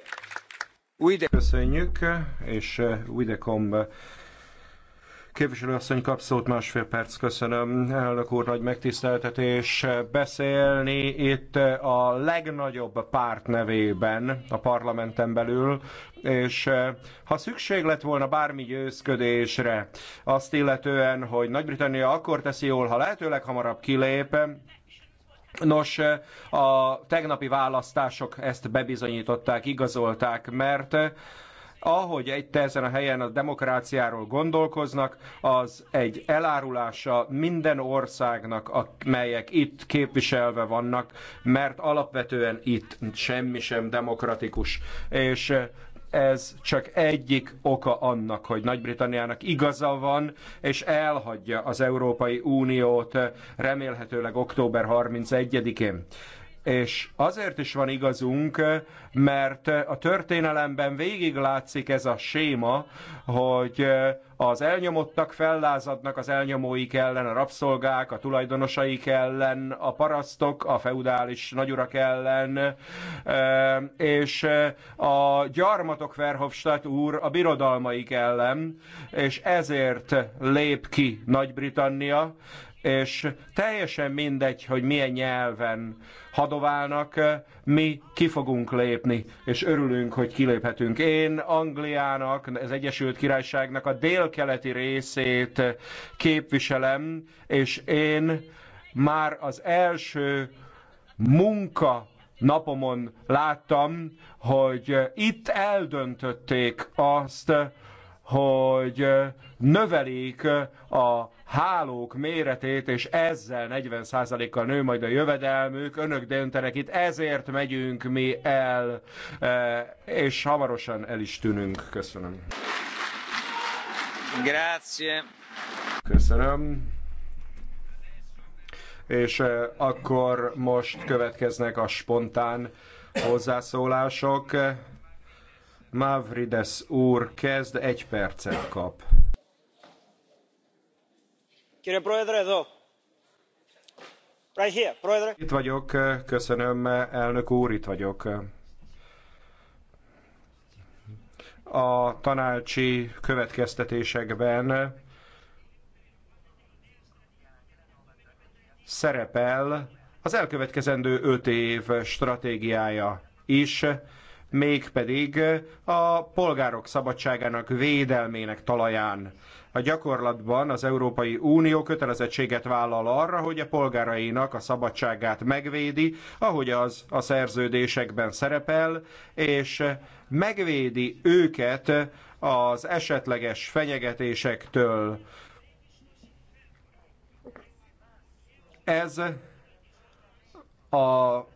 Köszönjük, és Videkom Képviselőasszony kap szót másfél perc, köszönöm. Elnök úr, nagy megtiszteltetés beszélni itt a legnagyobb párt nevében a parlamenten belül, és eh, ha szükség lett volna bármi győzködésre, azt illetően, hogy Nagy-Britannia akkor teszi jól, ha lehetőleg hamarabb kilép, Nos, eh, a tegnapi választások ezt bebizonyították, igazolták, mert eh, ahogy egy ezen a helyen a demokráciáról gondolkoznak, az egy elárulása minden országnak, amelyek itt képviselve vannak, mert alapvetően itt semmi sem demokratikus. És eh, ez csak egyik oka annak, hogy Nagy-Britanniának igaza van, és elhagyja az Európai Uniót eh, remélhetőleg október 31-én. És azért is van igazunk, mert a történelemben végig látszik ez a séma, hogy az elnyomottak fellázadnak az elnyomóik ellen, a rabszolgák, a tulajdonosaik ellen, a parasztok, a feudális nagyurak ellen, és a gyarmatok Verhofstadt úr a birodalmaik ellen, és ezért lép ki Nagy-Britannia, és teljesen mindegy, hogy milyen nyelven hadoválnak, mi ki fogunk lépni, és örülünk, hogy kiléphetünk. Én Angliának, az Egyesült Királyságnak a délkeleti részét képviselem, és én már az első munka napomon láttam, hogy itt eldöntötték azt, hogy növelik a hálók méretét, és ezzel 40%-kal nő majd a jövedelmük, önök döntenek itt, ezért megyünk mi el, e, és hamarosan el is tűnünk. Köszönöm. Grazie. Köszönöm. És e, akkor most következnek a spontán hozzászólások. Mavrides úr kezd, egy percet kap. Itt vagyok, eh, köszönöm, eh, elnök úr, itt vagyok. A tanácsi következtetésekben szerepel az elkövetkezendő öt év stratégiája is, mégpedig a polgárok szabadságának védelmének talaján a gyakorlatban az Európai Unió kötelezettséget vállal arra, hogy a polgárainak a szabadságát megvédi, ahogy az a szerződésekben szerepel, és megvédi őket az esetleges fenyegetésektől. Ez a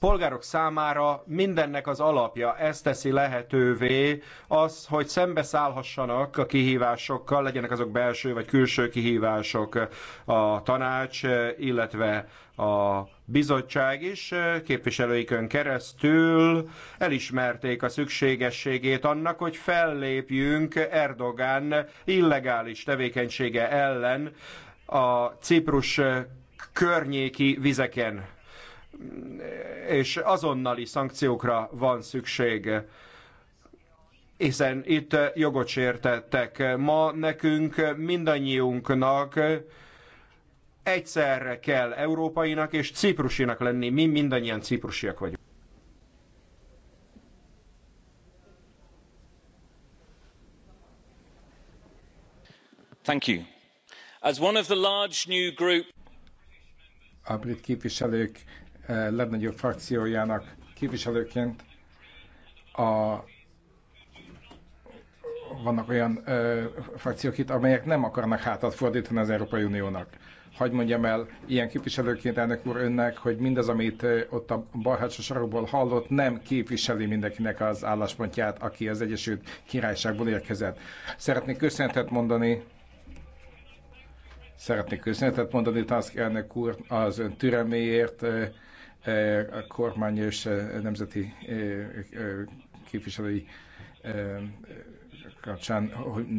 polgárok számára mindennek az alapja. Ez teszi lehetővé az, hogy szembeszállhassanak a kihívásokkal, legyenek azok belső vagy külső kihívások a tanács, illetve a bizottság is képviselőikön keresztül elismerték a szükségességét annak, hogy fellépjünk Erdogan illegális tevékenysége ellen a Ciprus környéki vizeken és azonnali szankciókra van szükség hiszen itt jogot sértettek. Ma nekünk mindannyiunknak egyszerre kell európainak és ciprusinak lenni. Mi mindannyian ciprusiak vagyunk. Thank you. As one of the large new group... A brit képviselők Eh, legnagyobb frakciójának képviselőként a, vannak olyan ö, eh, frakciók itt, amelyek nem akarnak hátat fordítani az Európai Uniónak. Hagy mondjam el, ilyen képviselőként elnök úr önnek, hogy mindaz, amit eh, ott a balhátsó sarokból hallott, nem képviseli mindenkinek az álláspontját, aki az Egyesült Királyságból érkezett. Szeretnék köszönetet mondani Szeretnék köszönetet mondani Tusk elnök úr az ön türelméért, E, a kormány és e, nemzeti e, képviselői kapcsán,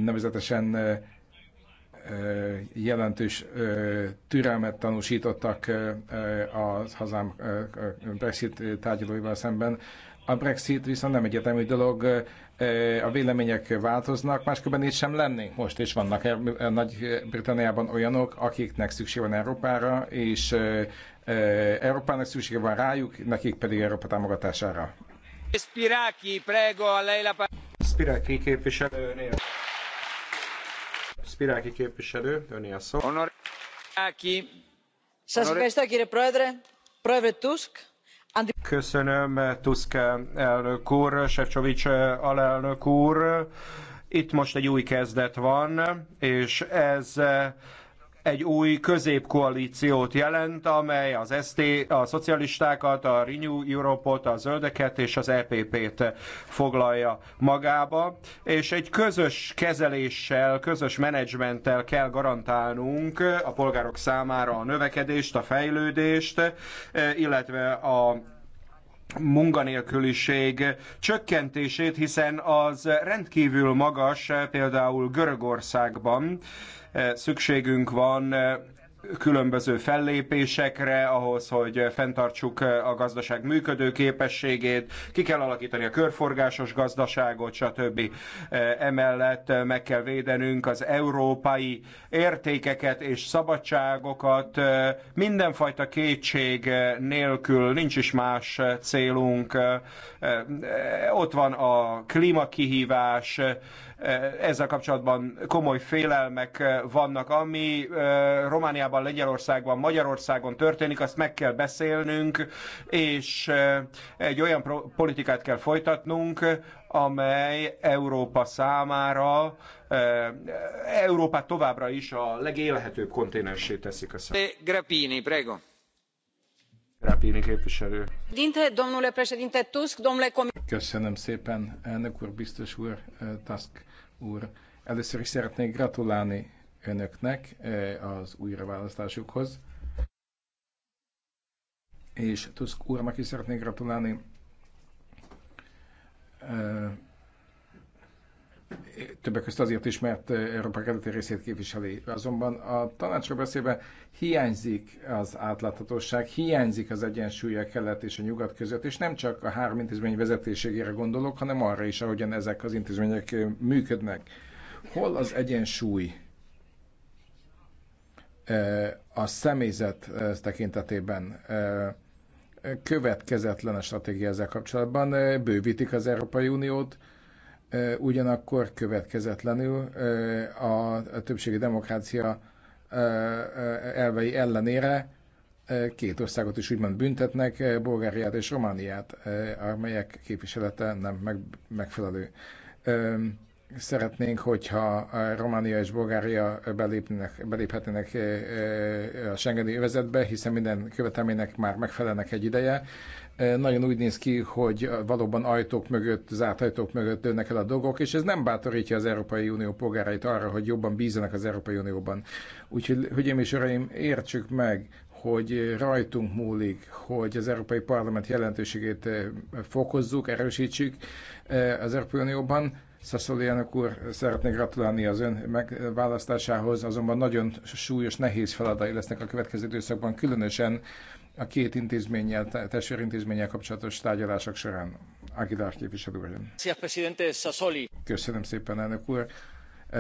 nevezetesen jelentős türelmet tanúsítottak a hazám Brexit tárgyalóival szemben. A Brexit viszont nem egyetemű dolog, a vélemények változnak, másképpen itt sem lennénk most, és vannak Nagy-Britanniában olyanok, akiknek szükség van Európára, és Európának szüksége van rájuk, nekik pedig Európa támogatására. Spiraki, prego, lei la... Spiraki képviselő, Spiraki képviselő, öné a szó. Honor... Spiraki. Σας ευχαριστώ κύριε Πρόεδρε. Πρόεδρε Τούσκ, Köszönöm, Tusk elnök úr, Sefcsovics alelnök úr. Itt most egy új kezdet van, és ez egy új középkoalíciót jelent, amely az ST, a szocialistákat, a Renew Europe-ot, a zöldeket és az EPP-t foglalja magába, és egy közös kezeléssel, közös menedzsmenttel kell garantálnunk a polgárok számára a növekedést, a fejlődést, e, illetve a munkanélküliség csökkentését, hiszen az rendkívül magas például Görögországban, Eh, szükségünk van eh, különböző fellépésekre, ahhoz, hogy eh, fenntartsuk a gazdaság működőképességét, ki kell alakítani a körforgásos gazdaságot, stb. Emellett meg kell védenünk az európai értékeket és szabadságokat mindenfajta kétség nélkül, nincs is más célunk. Ott van a klímakihívás, ezzel kapcsolatban komoly félelmek eh, vannak. Ami eh, Romániában, Lengyelországban, Magyarországon történik, azt meg kell beszélnünk, és eh, egy olyan politikát kell folytatnunk, amely Európa számára, Európát továbbra is a legélhetőbb kontinensé teszi. Köszönöm. Grappini, prego. Domnule președinte Tusk, domnule Köszönöm szépen, elnök úr, biztos úr, eh, Tusk úr. Először is szeretnék gratulálni önöknek eh, az újraválasztásukhoz. És Tusk úrnak is szeretnék gratulálni eh, többek között azért is, mert Európa keleti részét képviseli. Azonban a tanácsról beszélve hiányzik az átláthatóság, hiányzik az egyensúly a kelet és a nyugat között, és nem csak a három intézmény vezetéségére gondolok, hanem arra is, ahogyan ezek az intézmények működnek. Hol az egyensúly eh, a személyzet eh, tekintetében? Eh, következetlen a stratégia ezzel kapcsolatban. Bővítik az Európai Uniót, ugyanakkor következetlenül a többségi demokrácia elvei ellenére két országot is úgymond büntetnek, Bulgáriát és Romániát, amelyek képviselete nem megfelelő. Szeretnénk, hogyha Románia és Bulgária belépnek, beléphetnének a Schengeni övezetbe, hiszen minden követelménynek már megfelelnek egy ideje nagyon úgy néz ki, hogy valóban ajtók mögött, zárt ajtók mögött dőlnek el a dolgok, és ez nem bátorítja az Európai Unió polgárait arra, hogy jobban bízzanak az Európai Unióban. Úgyhogy, hölgyeim és uraim, értsük meg, hogy rajtunk múlik, hogy az Európai Parlament jelentőségét fokozzuk, erősítsük az Európai Unióban. Szaszoli úr, szeretnék gratulálni az ön megválasztásához, azonban nagyon súlyos, nehéz feladai lesznek a következő időszakban, különösen a két intézménnyel, intézménnyel kapcsolatos tárgyalások során. Aguilar képviselő vagyok. Köszönöm szépen, elnök úr. E,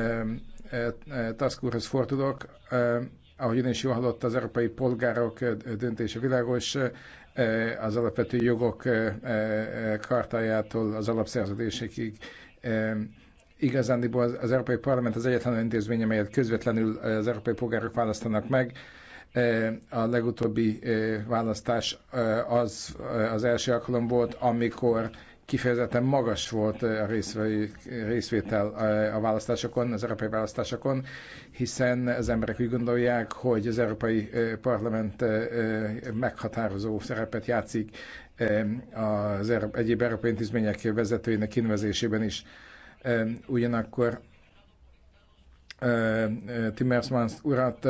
e, Task úrhoz fordulok. Ahogy ön is jól hallott, az európai polgárok e, döntése világos, az alapvető jogok kartájától az alapszerződésekig igazándiból az Európai Parlament az egyetlen intézmény, amelyet közvetlenül az európai polgárok választanak meg, E, a legutóbbi e, választás e, az az első alkalom volt, amikor kifejezetten magas volt a részvétel a választásokon, az európai választásokon, hiszen az emberek úgy gondolják, hogy az Európai Parlament meghatározó szerepet játszik az er-, egyéb európai intézmények vezetőinek kinevezésében is. Ugyanakkor Timmermans urat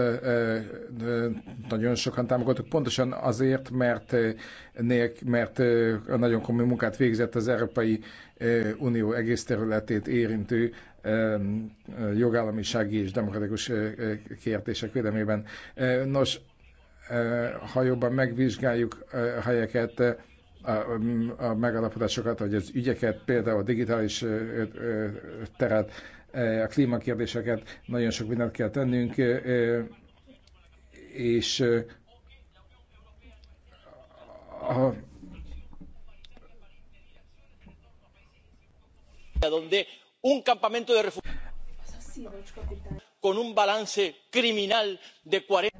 nagyon sokan támogattuk, pontosan azért, mert, nélk, mert nagyon komoly munkát végzett az Európai Unió egész területét érintő jogállamisági és demokratikus kérdések védelmében. Nos, ha jobban megvizsgáljuk a helyeket, a, a megalapodásokat, vagy az ügyeket, például a digitális teret, E, a klímakérdéseket, nagyon sok mindent kell tennünk, e, e, és donde un campamento de refugiados con un balance criminal de 40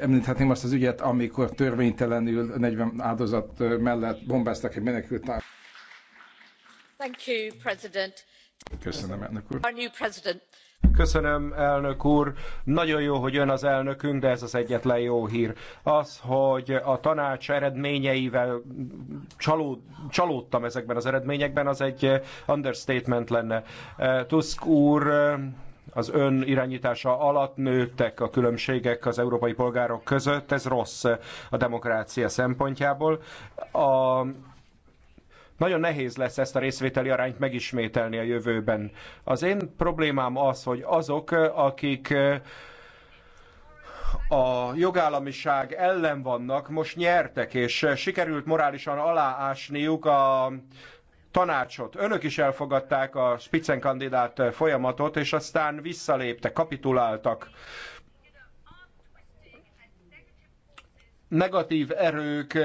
említhetném azt az ügyet, amikor törvénytelenül 40 áldozat mellett bombáztak egy Thank you, President. Köszönöm, elnök úr. elnök úr. Nagyon jó, hogy ön az elnökünk, de ez az egyetlen jó hír. Az, hogy a tanács eredményeivel csalód, csalódtam ezekben az eredményekben, az egy understatement lenne. Tusk úr az ön irányítása alatt nőttek a különbségek az európai polgárok között, ez rossz a demokrácia szempontjából. A nagyon nehéz lesz ezt a részvételi arányt megismételni a jövőben. Az én problémám az, hogy azok, akik a jogállamiság ellen vannak, most nyertek, és sikerült morálisan aláásniuk a tanácsot. Önök is elfogadták a Spitzenkandidát folyamatot, és aztán visszaléptek, kapituláltak. Negatív erők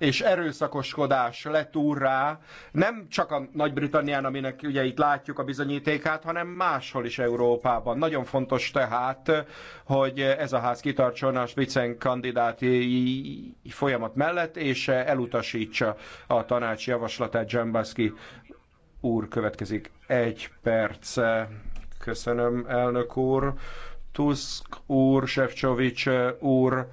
és erőszakoskodás lett úrrá, nem csak a Nagy-Britannián, aminek ugye itt látjuk a bizonyítékát, hanem máshol is Európában. Nagyon fontos tehát, hogy ez a ház kitartson a Spicen kandidáti folyamat mellett, és elutasítsa a tanács javaslatát. Jambaszki úr következik egy perc. Köszönöm, elnök úr. Tusk úr, Sefcsovics úr,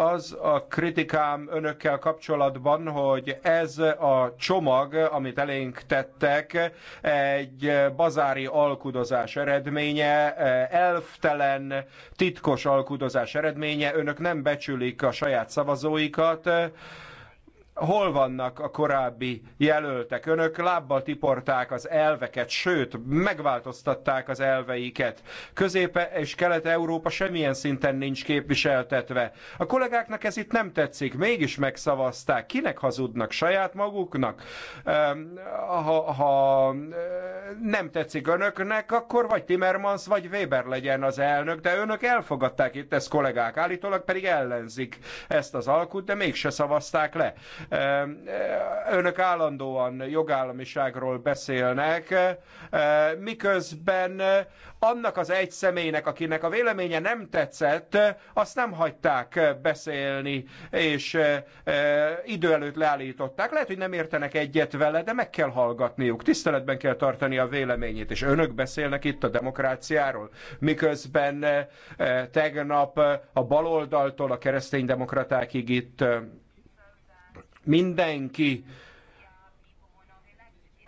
az a kritikám önökkel kapcsolatban, hogy ez a csomag, amit elénk tettek, egy bazári alkudozás eredménye, elftelen, titkos alkudozás eredménye, önök nem becsülik a saját szavazóikat, hol vannak a korábbi jelöltek? Önök lábbal tiporták az elveket, sőt, megváltoztatták az elveiket. Középe és Kelet-Európa semmilyen szinten nincs képviseltetve. A kollégáknak ez itt nem tetszik, mégis megszavazták. Kinek hazudnak? Saját maguknak? Ha, ha nem tetszik önöknek, akkor vagy Timmermans, vagy Weber legyen az elnök, de önök elfogadták itt ezt kollégák, állítólag pedig ellenzik ezt az alkut, de mégse szavazták le. Önök állandóan jogállamiságról beszélnek, miközben annak az egy személynek, akinek a véleménye nem tetszett, azt nem hagyták beszélni, és idő előtt leállították. Lehet, hogy nem értenek egyet vele, de meg kell hallgatniuk. Tiszteletben kell tartani a véleményét, és önök beszélnek itt a demokráciáról, miközben tegnap a baloldaltól a kereszténydemokratákig itt mindenki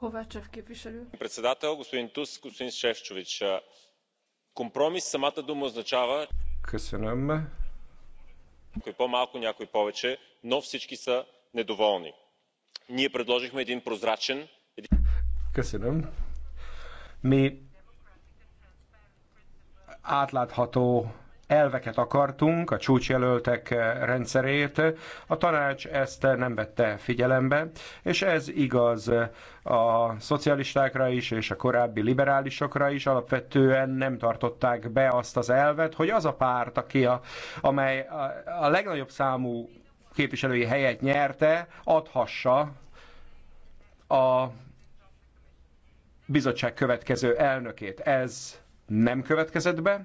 Kovácsev képviselő. Председател, господин Туск, господин Шефчович. Компромис, самата дума означава... Köszönöm. Някой по-малко, някой повече, но всички са недоволни. Ние предложихме един прозрачен... Köszönöm. Mi átlátható elveket akartunk, a csúcsjelöltek eh, rendszerét. A tanács ezt eh, nem vette figyelembe, és ez igaz eh, a szocialistákra is, és a korábbi liberálisokra is alapvetően nem tartották be azt az elvet, hogy az a párt, aki a, amely a, a legnagyobb számú képviselői helyet nyerte, adhassa a bizottság következő elnökét. Ez nem következett be,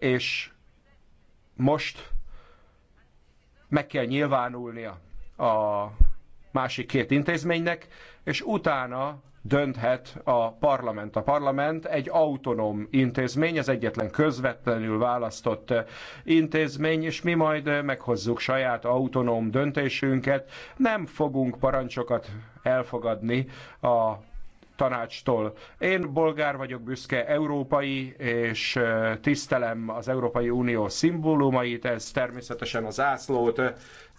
és most meg kell nyilvánulnia a másik két intézménynek, és utána dönthet a parlament. A parlament egy autonóm intézmény, az egyetlen közvetlenül választott intézmény, és mi majd meghozzuk saját autonóm döntésünket. Nem fogunk parancsokat elfogadni a tanácstól. Én bolgár vagyok, büszke európai, és tisztelem az Európai Unió szimbólumait, ez természetesen az ászlót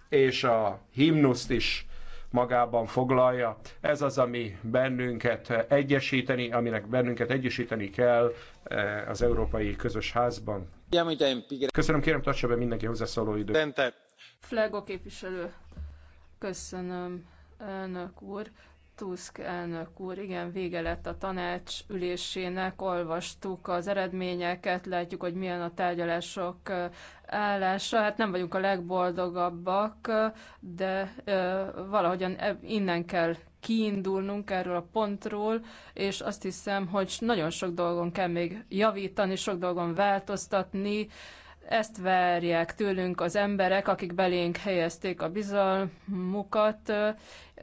és a himnuszt is magában foglalja. Ez az, ami bennünket egyesíteni, aminek bennünket egyesíteni kell az Európai Közös Házban. Köszönöm, kérem, tartsa be mindenki hozzászóló időt. Flego képviselő. Köszönöm, elnök úr. Tusk elnök úr, igen, vége lett a tanács ülésének, olvastuk az eredményeket, látjuk, hogy milyen a tárgyalások állása. Hát nem vagyunk a legboldogabbak, de valahogyan e, innen kell kiindulnunk erről a pontról, és azt hiszem, hogy nagyon sok dolgon kell még javítani, sok dolgon változtatni, ezt várják tőlünk az emberek, akik belénk helyezték a bizalmukat.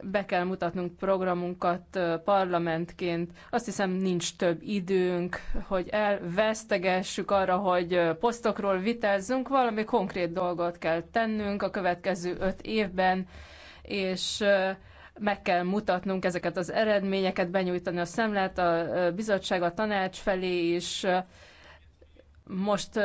Be kell mutatnunk programunkat parlamentként. Azt hiszem, nincs több időnk, hogy elvesztegessük arra, hogy posztokról vitázzunk. Valami konkrét dolgot kell tennünk a következő öt évben, és meg kell mutatnunk ezeket az eredményeket, benyújtani a szemlet a bizottság, a tanács felé is, most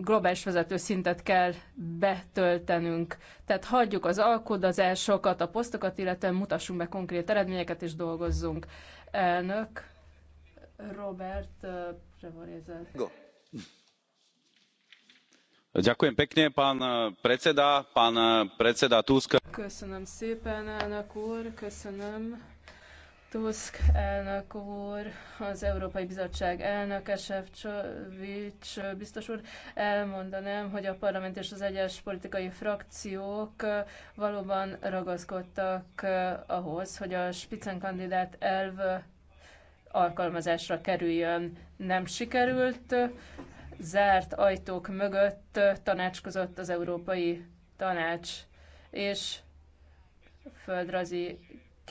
globális vezető szintet kell betöltenünk. Tehát hagyjuk az alkodazásokat, a posztokat, illetve mutassunk be konkrét eredményeket és dolgozzunk. Elnök Robert Prevorézel. Ďakujem pekne, pán predseda, pán predseda Tusk. Köszönöm szépen, elnök úr, köszönöm. Tusk elnök úr, az Európai Bizottság elnöke, Sefcsovics biztos úr, elmondanám, hogy a parlament és az egyes politikai frakciók valóban ragaszkodtak ahhoz, hogy a kandidát elv alkalmazásra kerüljön. Nem sikerült, zárt ajtók mögött tanácskozott az Európai Tanács, és földrajzi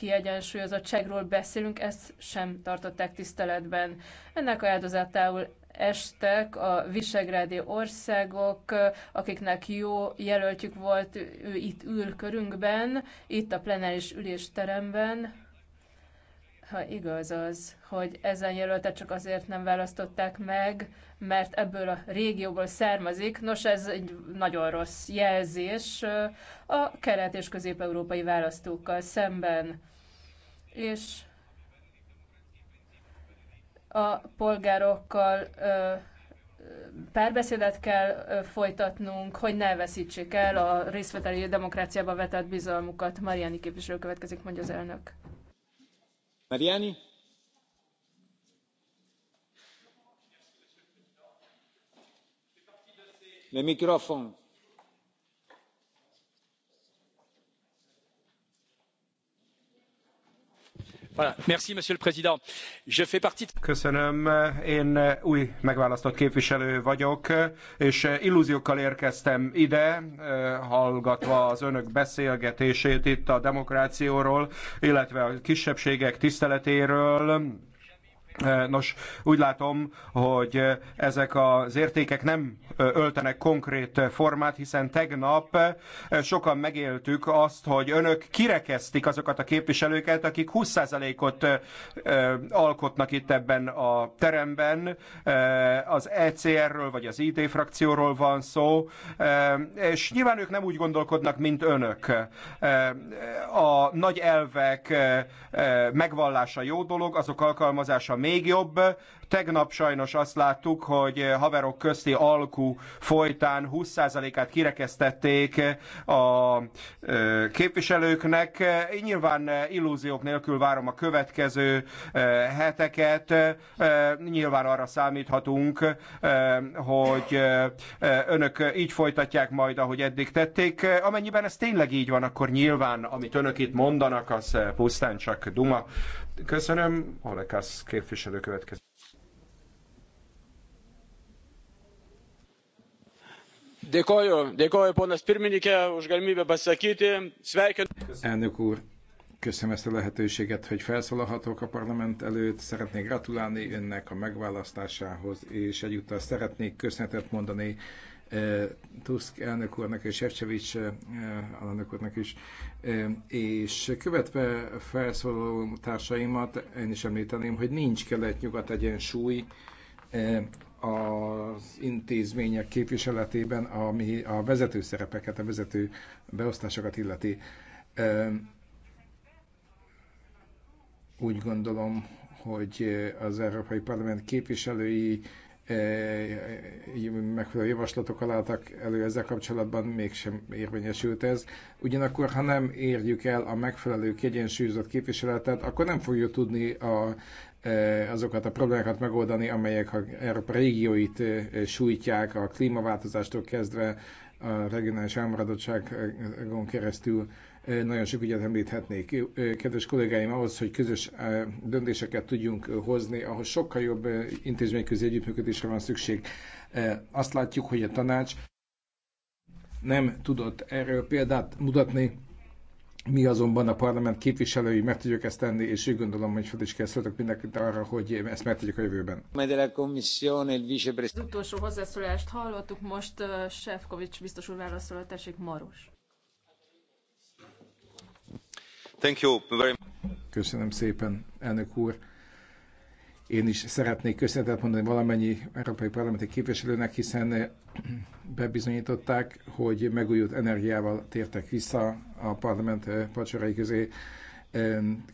kiegyensúlyozottságról beszélünk, ezt sem tartották tiszteletben. Ennek áldozatául estek a visegrádi országok, akiknek jó jelöltjük volt, ő itt ül körünkben, itt a plenáris ülésteremben ha igaz az, hogy ezen jelöltet csak azért nem választották meg, mert ebből a régióból származik. Nos, ez egy nagyon rossz jelzés a kelet- és közép-európai választókkal szemben. És a polgárokkal párbeszédet kell folytatnunk, hogy ne veszítsék el a részvételi demokráciába vetett bizalmukat. Mariani képviselő következik, mondja az elnök mariani le mikrofon. Köszönöm, én új megválasztott képviselő vagyok, és illúziókkal érkeztem ide, hallgatva az önök beszélgetését itt a demokrációról, illetve a kisebbségek tiszteletéről Eh, nos, úgy látom, hogy eh, ezek az értékek nem eh, öltenek konkrét formát, hiszen tegnap sokan megéltük azt, hogy önök kirekeztik azokat a képviselőket, akik 20%-ot alkotnak itt ebben a teremben. Az ECR-ről vagy az IT frakcióról van szó, és nyilván ők nem úgy gondolkodnak, mint önök. A nagy elvek megvallása jó dolog, azok alkalmazása még jobb. Tegnap sajnos azt láttuk, hogy haverok közti alkú folytán 20%-át kirekesztették a képviselőknek. Nyilván illúziók nélkül várom a következő heteket. Nyilván arra számíthatunk, hogy önök így folytatják majd, ahogy eddig tették. Amennyiben ez tényleg így van, akkor nyilván, amit önök itt mondanak, az pusztán csak duma. Köszönöm, Olekasz képviselő következő. Dėkoju, dėkoju ponas pirmininkė už galimybę pasakyti. Sveikinu. Elnök úr, köszönöm ezt a lehetőséget, hogy felszólalhatok a parlament előtt. Szeretnék gratulálni önnek a megválasztásához, és egyúttal szeretnék köszönetet mondani eh, Tusk elnök úrnak és Sefcsevics eh, elnök úrnak is és követve felszóló társaimat, én is említeném, hogy nincs kelet-nyugat egyensúly az intézmények képviseletében, ami a vezető szerepeket, a vezető beosztásokat illeti. Úgy gondolom, hogy az Európai Parlament képviselői Eh, eh, eh, megfelelő javaslatok álltak elő ezzel kapcsolatban, mégsem érvényesült ez. Ugyanakkor, ha nem érjük el a megfelelő kiegyensúlyozott képviseletet, akkor nem fogjuk tudni a, azokat a problémákat megoldani, amelyek a Európa régióit sújtják, a klímaváltozástól kezdve a regionális elmaradottságon keresztül nagyon sok ügyet említhetnék. Kedves kollégáim, ahhoz, hogy közös döntéseket tudjunk hozni, ahhoz sokkal jobb intézményközi együttműködésre van szükség. Azt látjuk, hogy a tanács nem tudott erről példát mutatni, mi azonban a parlament képviselői meg tudjuk ezt tenni, és úgy gondolom, hogy fel is szóltak mindenkit arra, hogy ezt tudjuk a jövőben. Az utolsó hozzászólást hallottuk, most Sefkovics biztosul úr válaszol, tessék Maros. Köszönöm szépen, elnök úr. Én is szeretnék köszönetet mondani valamennyi európai parlamenti képviselőnek, hiszen eh, bebizonyították, hogy megújult energiával tértek vissza a parlament pacsorai eh, közé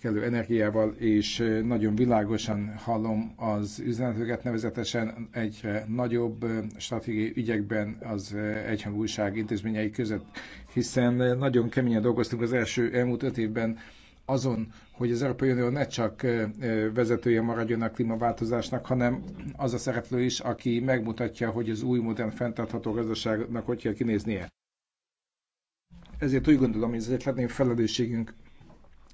kellő energiával, és nagyon világosan hallom az üzenetüket, nevezetesen egyre nagyobb stratégiai ügyekben az egyhangúság intézményei között, hiszen nagyon keményen dolgoztunk az első elmúlt öt évben azon, hogy az Európai Unió ne csak vezetője maradjon a klímaváltozásnak, hanem az a szereplő is, aki megmutatja, hogy az új modern fenntartható gazdaságnak hogy kell kinéznie. Ezért úgy gondolom, hogy ez egy felelősségünk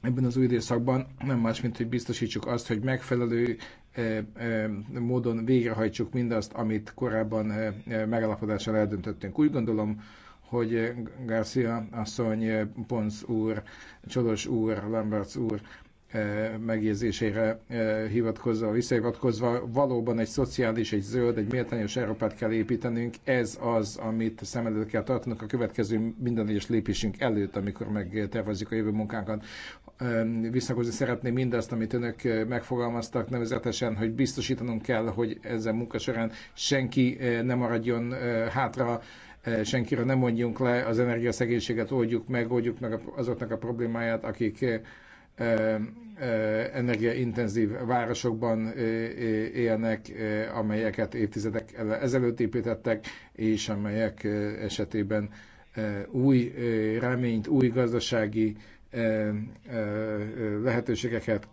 ebben az új időszakban nem más, mint hogy biztosítsuk azt, hogy megfelelő eh, eh, módon végrehajtsuk mindazt, amit korábban eh, megalapodással eldöntöttünk. Úgy gondolom, hogy Garcia asszony, Ponsz úr, Csodos úr, Lamberts úr megjegyzésére hivatkozva, visszahivatkozva, valóban egy szociális, egy zöld, egy méltányos Európát kell építenünk. Ez az, amit szem előtt kell tartanunk a következő minden egyes lépésünk előtt, amikor megtervezzük a jövő munkánkat visszakozni szeretném mindazt, amit önök eh, megfogalmaztak, nevezetesen, hogy biztosítanunk kell, hogy ezen munka során senki eh, nem maradjon eh, hátra, senkire nem mondjunk le, az energiaszegénységet oldjuk meg, oldjuk meg azoknak a problémáját, akik energiaintenzív városokban élnek, amelyeket évtizedek ezelőtt építettek, és amelyek esetében új reményt, új gazdasági lehetőségeket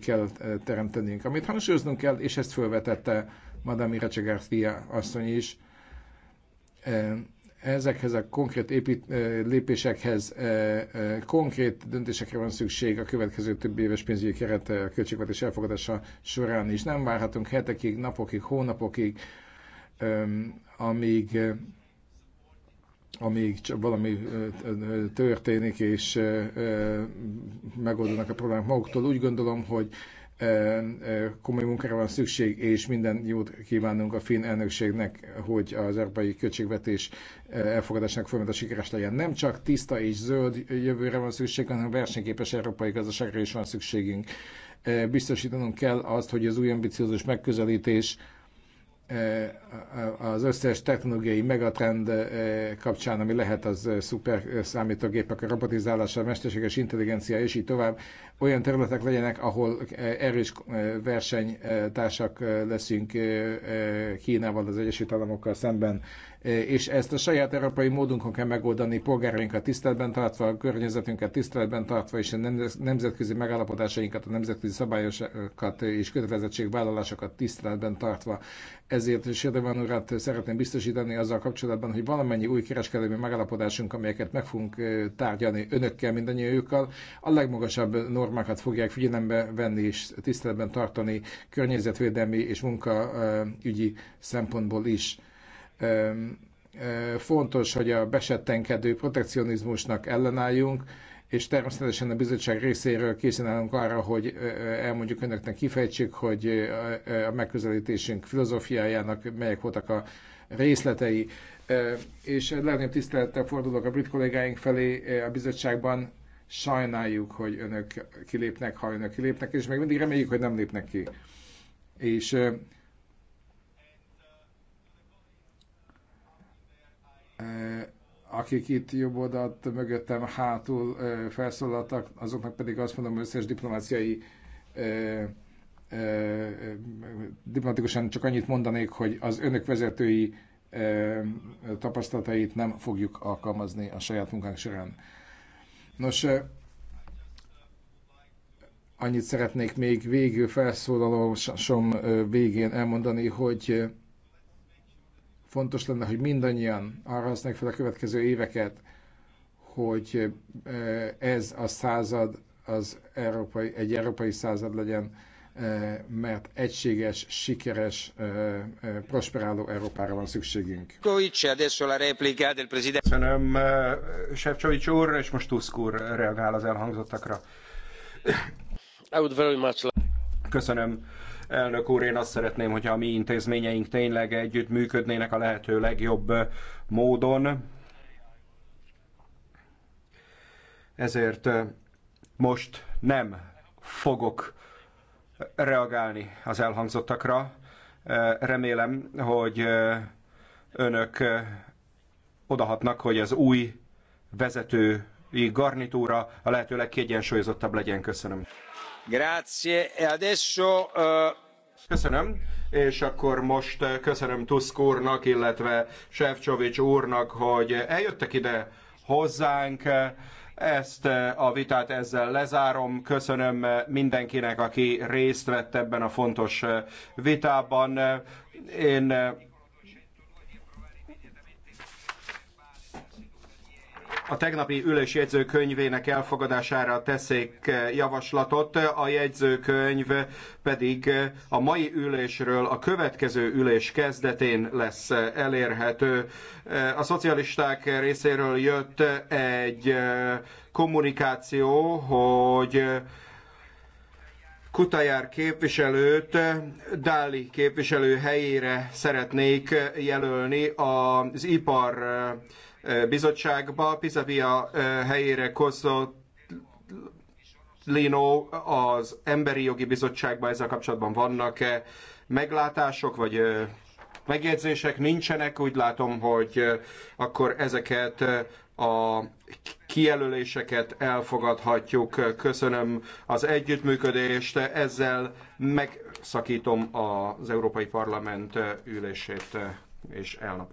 kell teremtenünk. Amit hangsúlyoznunk kell, és ezt felvetette Madame Irace Garcia asszony is, ezekhez a konkrét épít, lépésekhez konkrét döntésekre van szükség a következő több éves pénzügyi keret költségvetés elfogadása során is. Nem várhatunk hetekig, napokig, hónapokig, amíg amíg valami történik és megoldanak a problémák maguktól. Úgy gondolom, hogy komoly munkára van szükség, és minden jót kívánunk a finn elnökségnek, hogy az európai költségvetés elfogadásának folyamata sikeres legyen. Nem csak tiszta és zöld jövőre van szükség, hanem versenyképes európai gazdaságra is van szükségünk. Biztosítanunk kell azt, hogy az új ambiciózus megközelítés Eh, az összes technológiai megatrend eh, kapcsán, ami lehet az eh, szuper számítógépek, a robotizálása, a mesterséges intelligencia és így tovább, olyan területek legyenek, ahol erős versenytársak leszünk Kínával, az Egyesült Államokkal szemben, és ezt a saját európai módunkon kell megoldani, polgárainkat tiszteletben tartva, a környezetünket tiszteletben tartva, és a nemzetközi megállapodásainkat, a nemzetközi szabályosokat és kötelezettségvállalásokat tiszteletben tartva. Ezért Sérdevan urat szeretném biztosítani azzal kapcsolatban, hogy valamennyi új kereskedelmi megállapodásunk, amelyeket meg fogunk tárgyalni önökkel, mindannyiukkal, a legmagasabb normákat fogják figyelembe venni és tiszteletben tartani környezetvédelmi és munkaügyi szempontból is Fontos, hogy a besettenkedő protekcionizmusnak ellenálljunk, és természetesen a bizottság részéről készen állunk arra, hogy elmondjuk önöknek, kifejtsük, hogy a megközelítésünk filozófiájának melyek voltak a részletei. És legnagyobb tisztelettel fordulok a brit kollégáink felé a bizottságban, sajnáljuk, hogy önök kilépnek, ha önök kilépnek, és még mindig reméljük, hogy nem lépnek ki. És akik itt jobb oldalt mögöttem hátul felszólaltak, azoknak pedig azt mondom, hogy összes diplomáciai diplomatikusan csak annyit mondanék, hogy az önök vezetői tapasztalatait nem fogjuk alkalmazni a saját munkánk során. Nos, annyit szeretnék még végül felszólalásom végén elmondani, hogy Fontos lenne, hogy mindannyian arra használjuk fel a következő éveket, hogy ez a század az európai, egy európai század legyen, mert egységes, sikeres, prosperáló Európára van szükségünk. Köszönöm, Sefcsovics úr, és most Tusk úr reagál az elhangzottakra. Köszönöm Elnök úr, én azt szeretném, hogyha a mi intézményeink tényleg együtt működnének a lehető legjobb módon. Ezért eh, most nem fogok reagálni az elhangzottakra. Eh, remélem, hogy eh, önök odahatnak, hogy az új vezetői garnitúra a lehető legkiegyensúlyozottabb legyen. Köszönöm. E eh, köszönöm. És akkor most eh, köszönöm Tusk úrnak, illetve Sefcsovics úrnak, hogy eljöttek ide hozzánk. Ezt eh, a vitát ezzel lezárom. Köszönöm mindenkinek, aki részt vett ebben a fontos vitában. Én a tegnapi ülés jegyzőkönyvének elfogadására teszik eh, javaslatot, a jegyzőkönyv pedig eh, a mai ülésről a következő ülés kezdetén lesz eh, elérhető. A szocialisták részéről jött egy kommunikáció, hogy Kutajár képviselőt Dáli képviselő helyére szeretnék jelölni az ipar bizottságba, Pizavia helyére kozott Lino az Emberi Jogi Bizottságban ezzel kapcsolatban vannak-e meglátások, vagy megjegyzések nincsenek, úgy látom, hogy akkor ezeket a kijelöléseket elfogadhatjuk. Köszönöm az együttműködést, ezzel megszakítom az Európai Parlament ülését és elnap.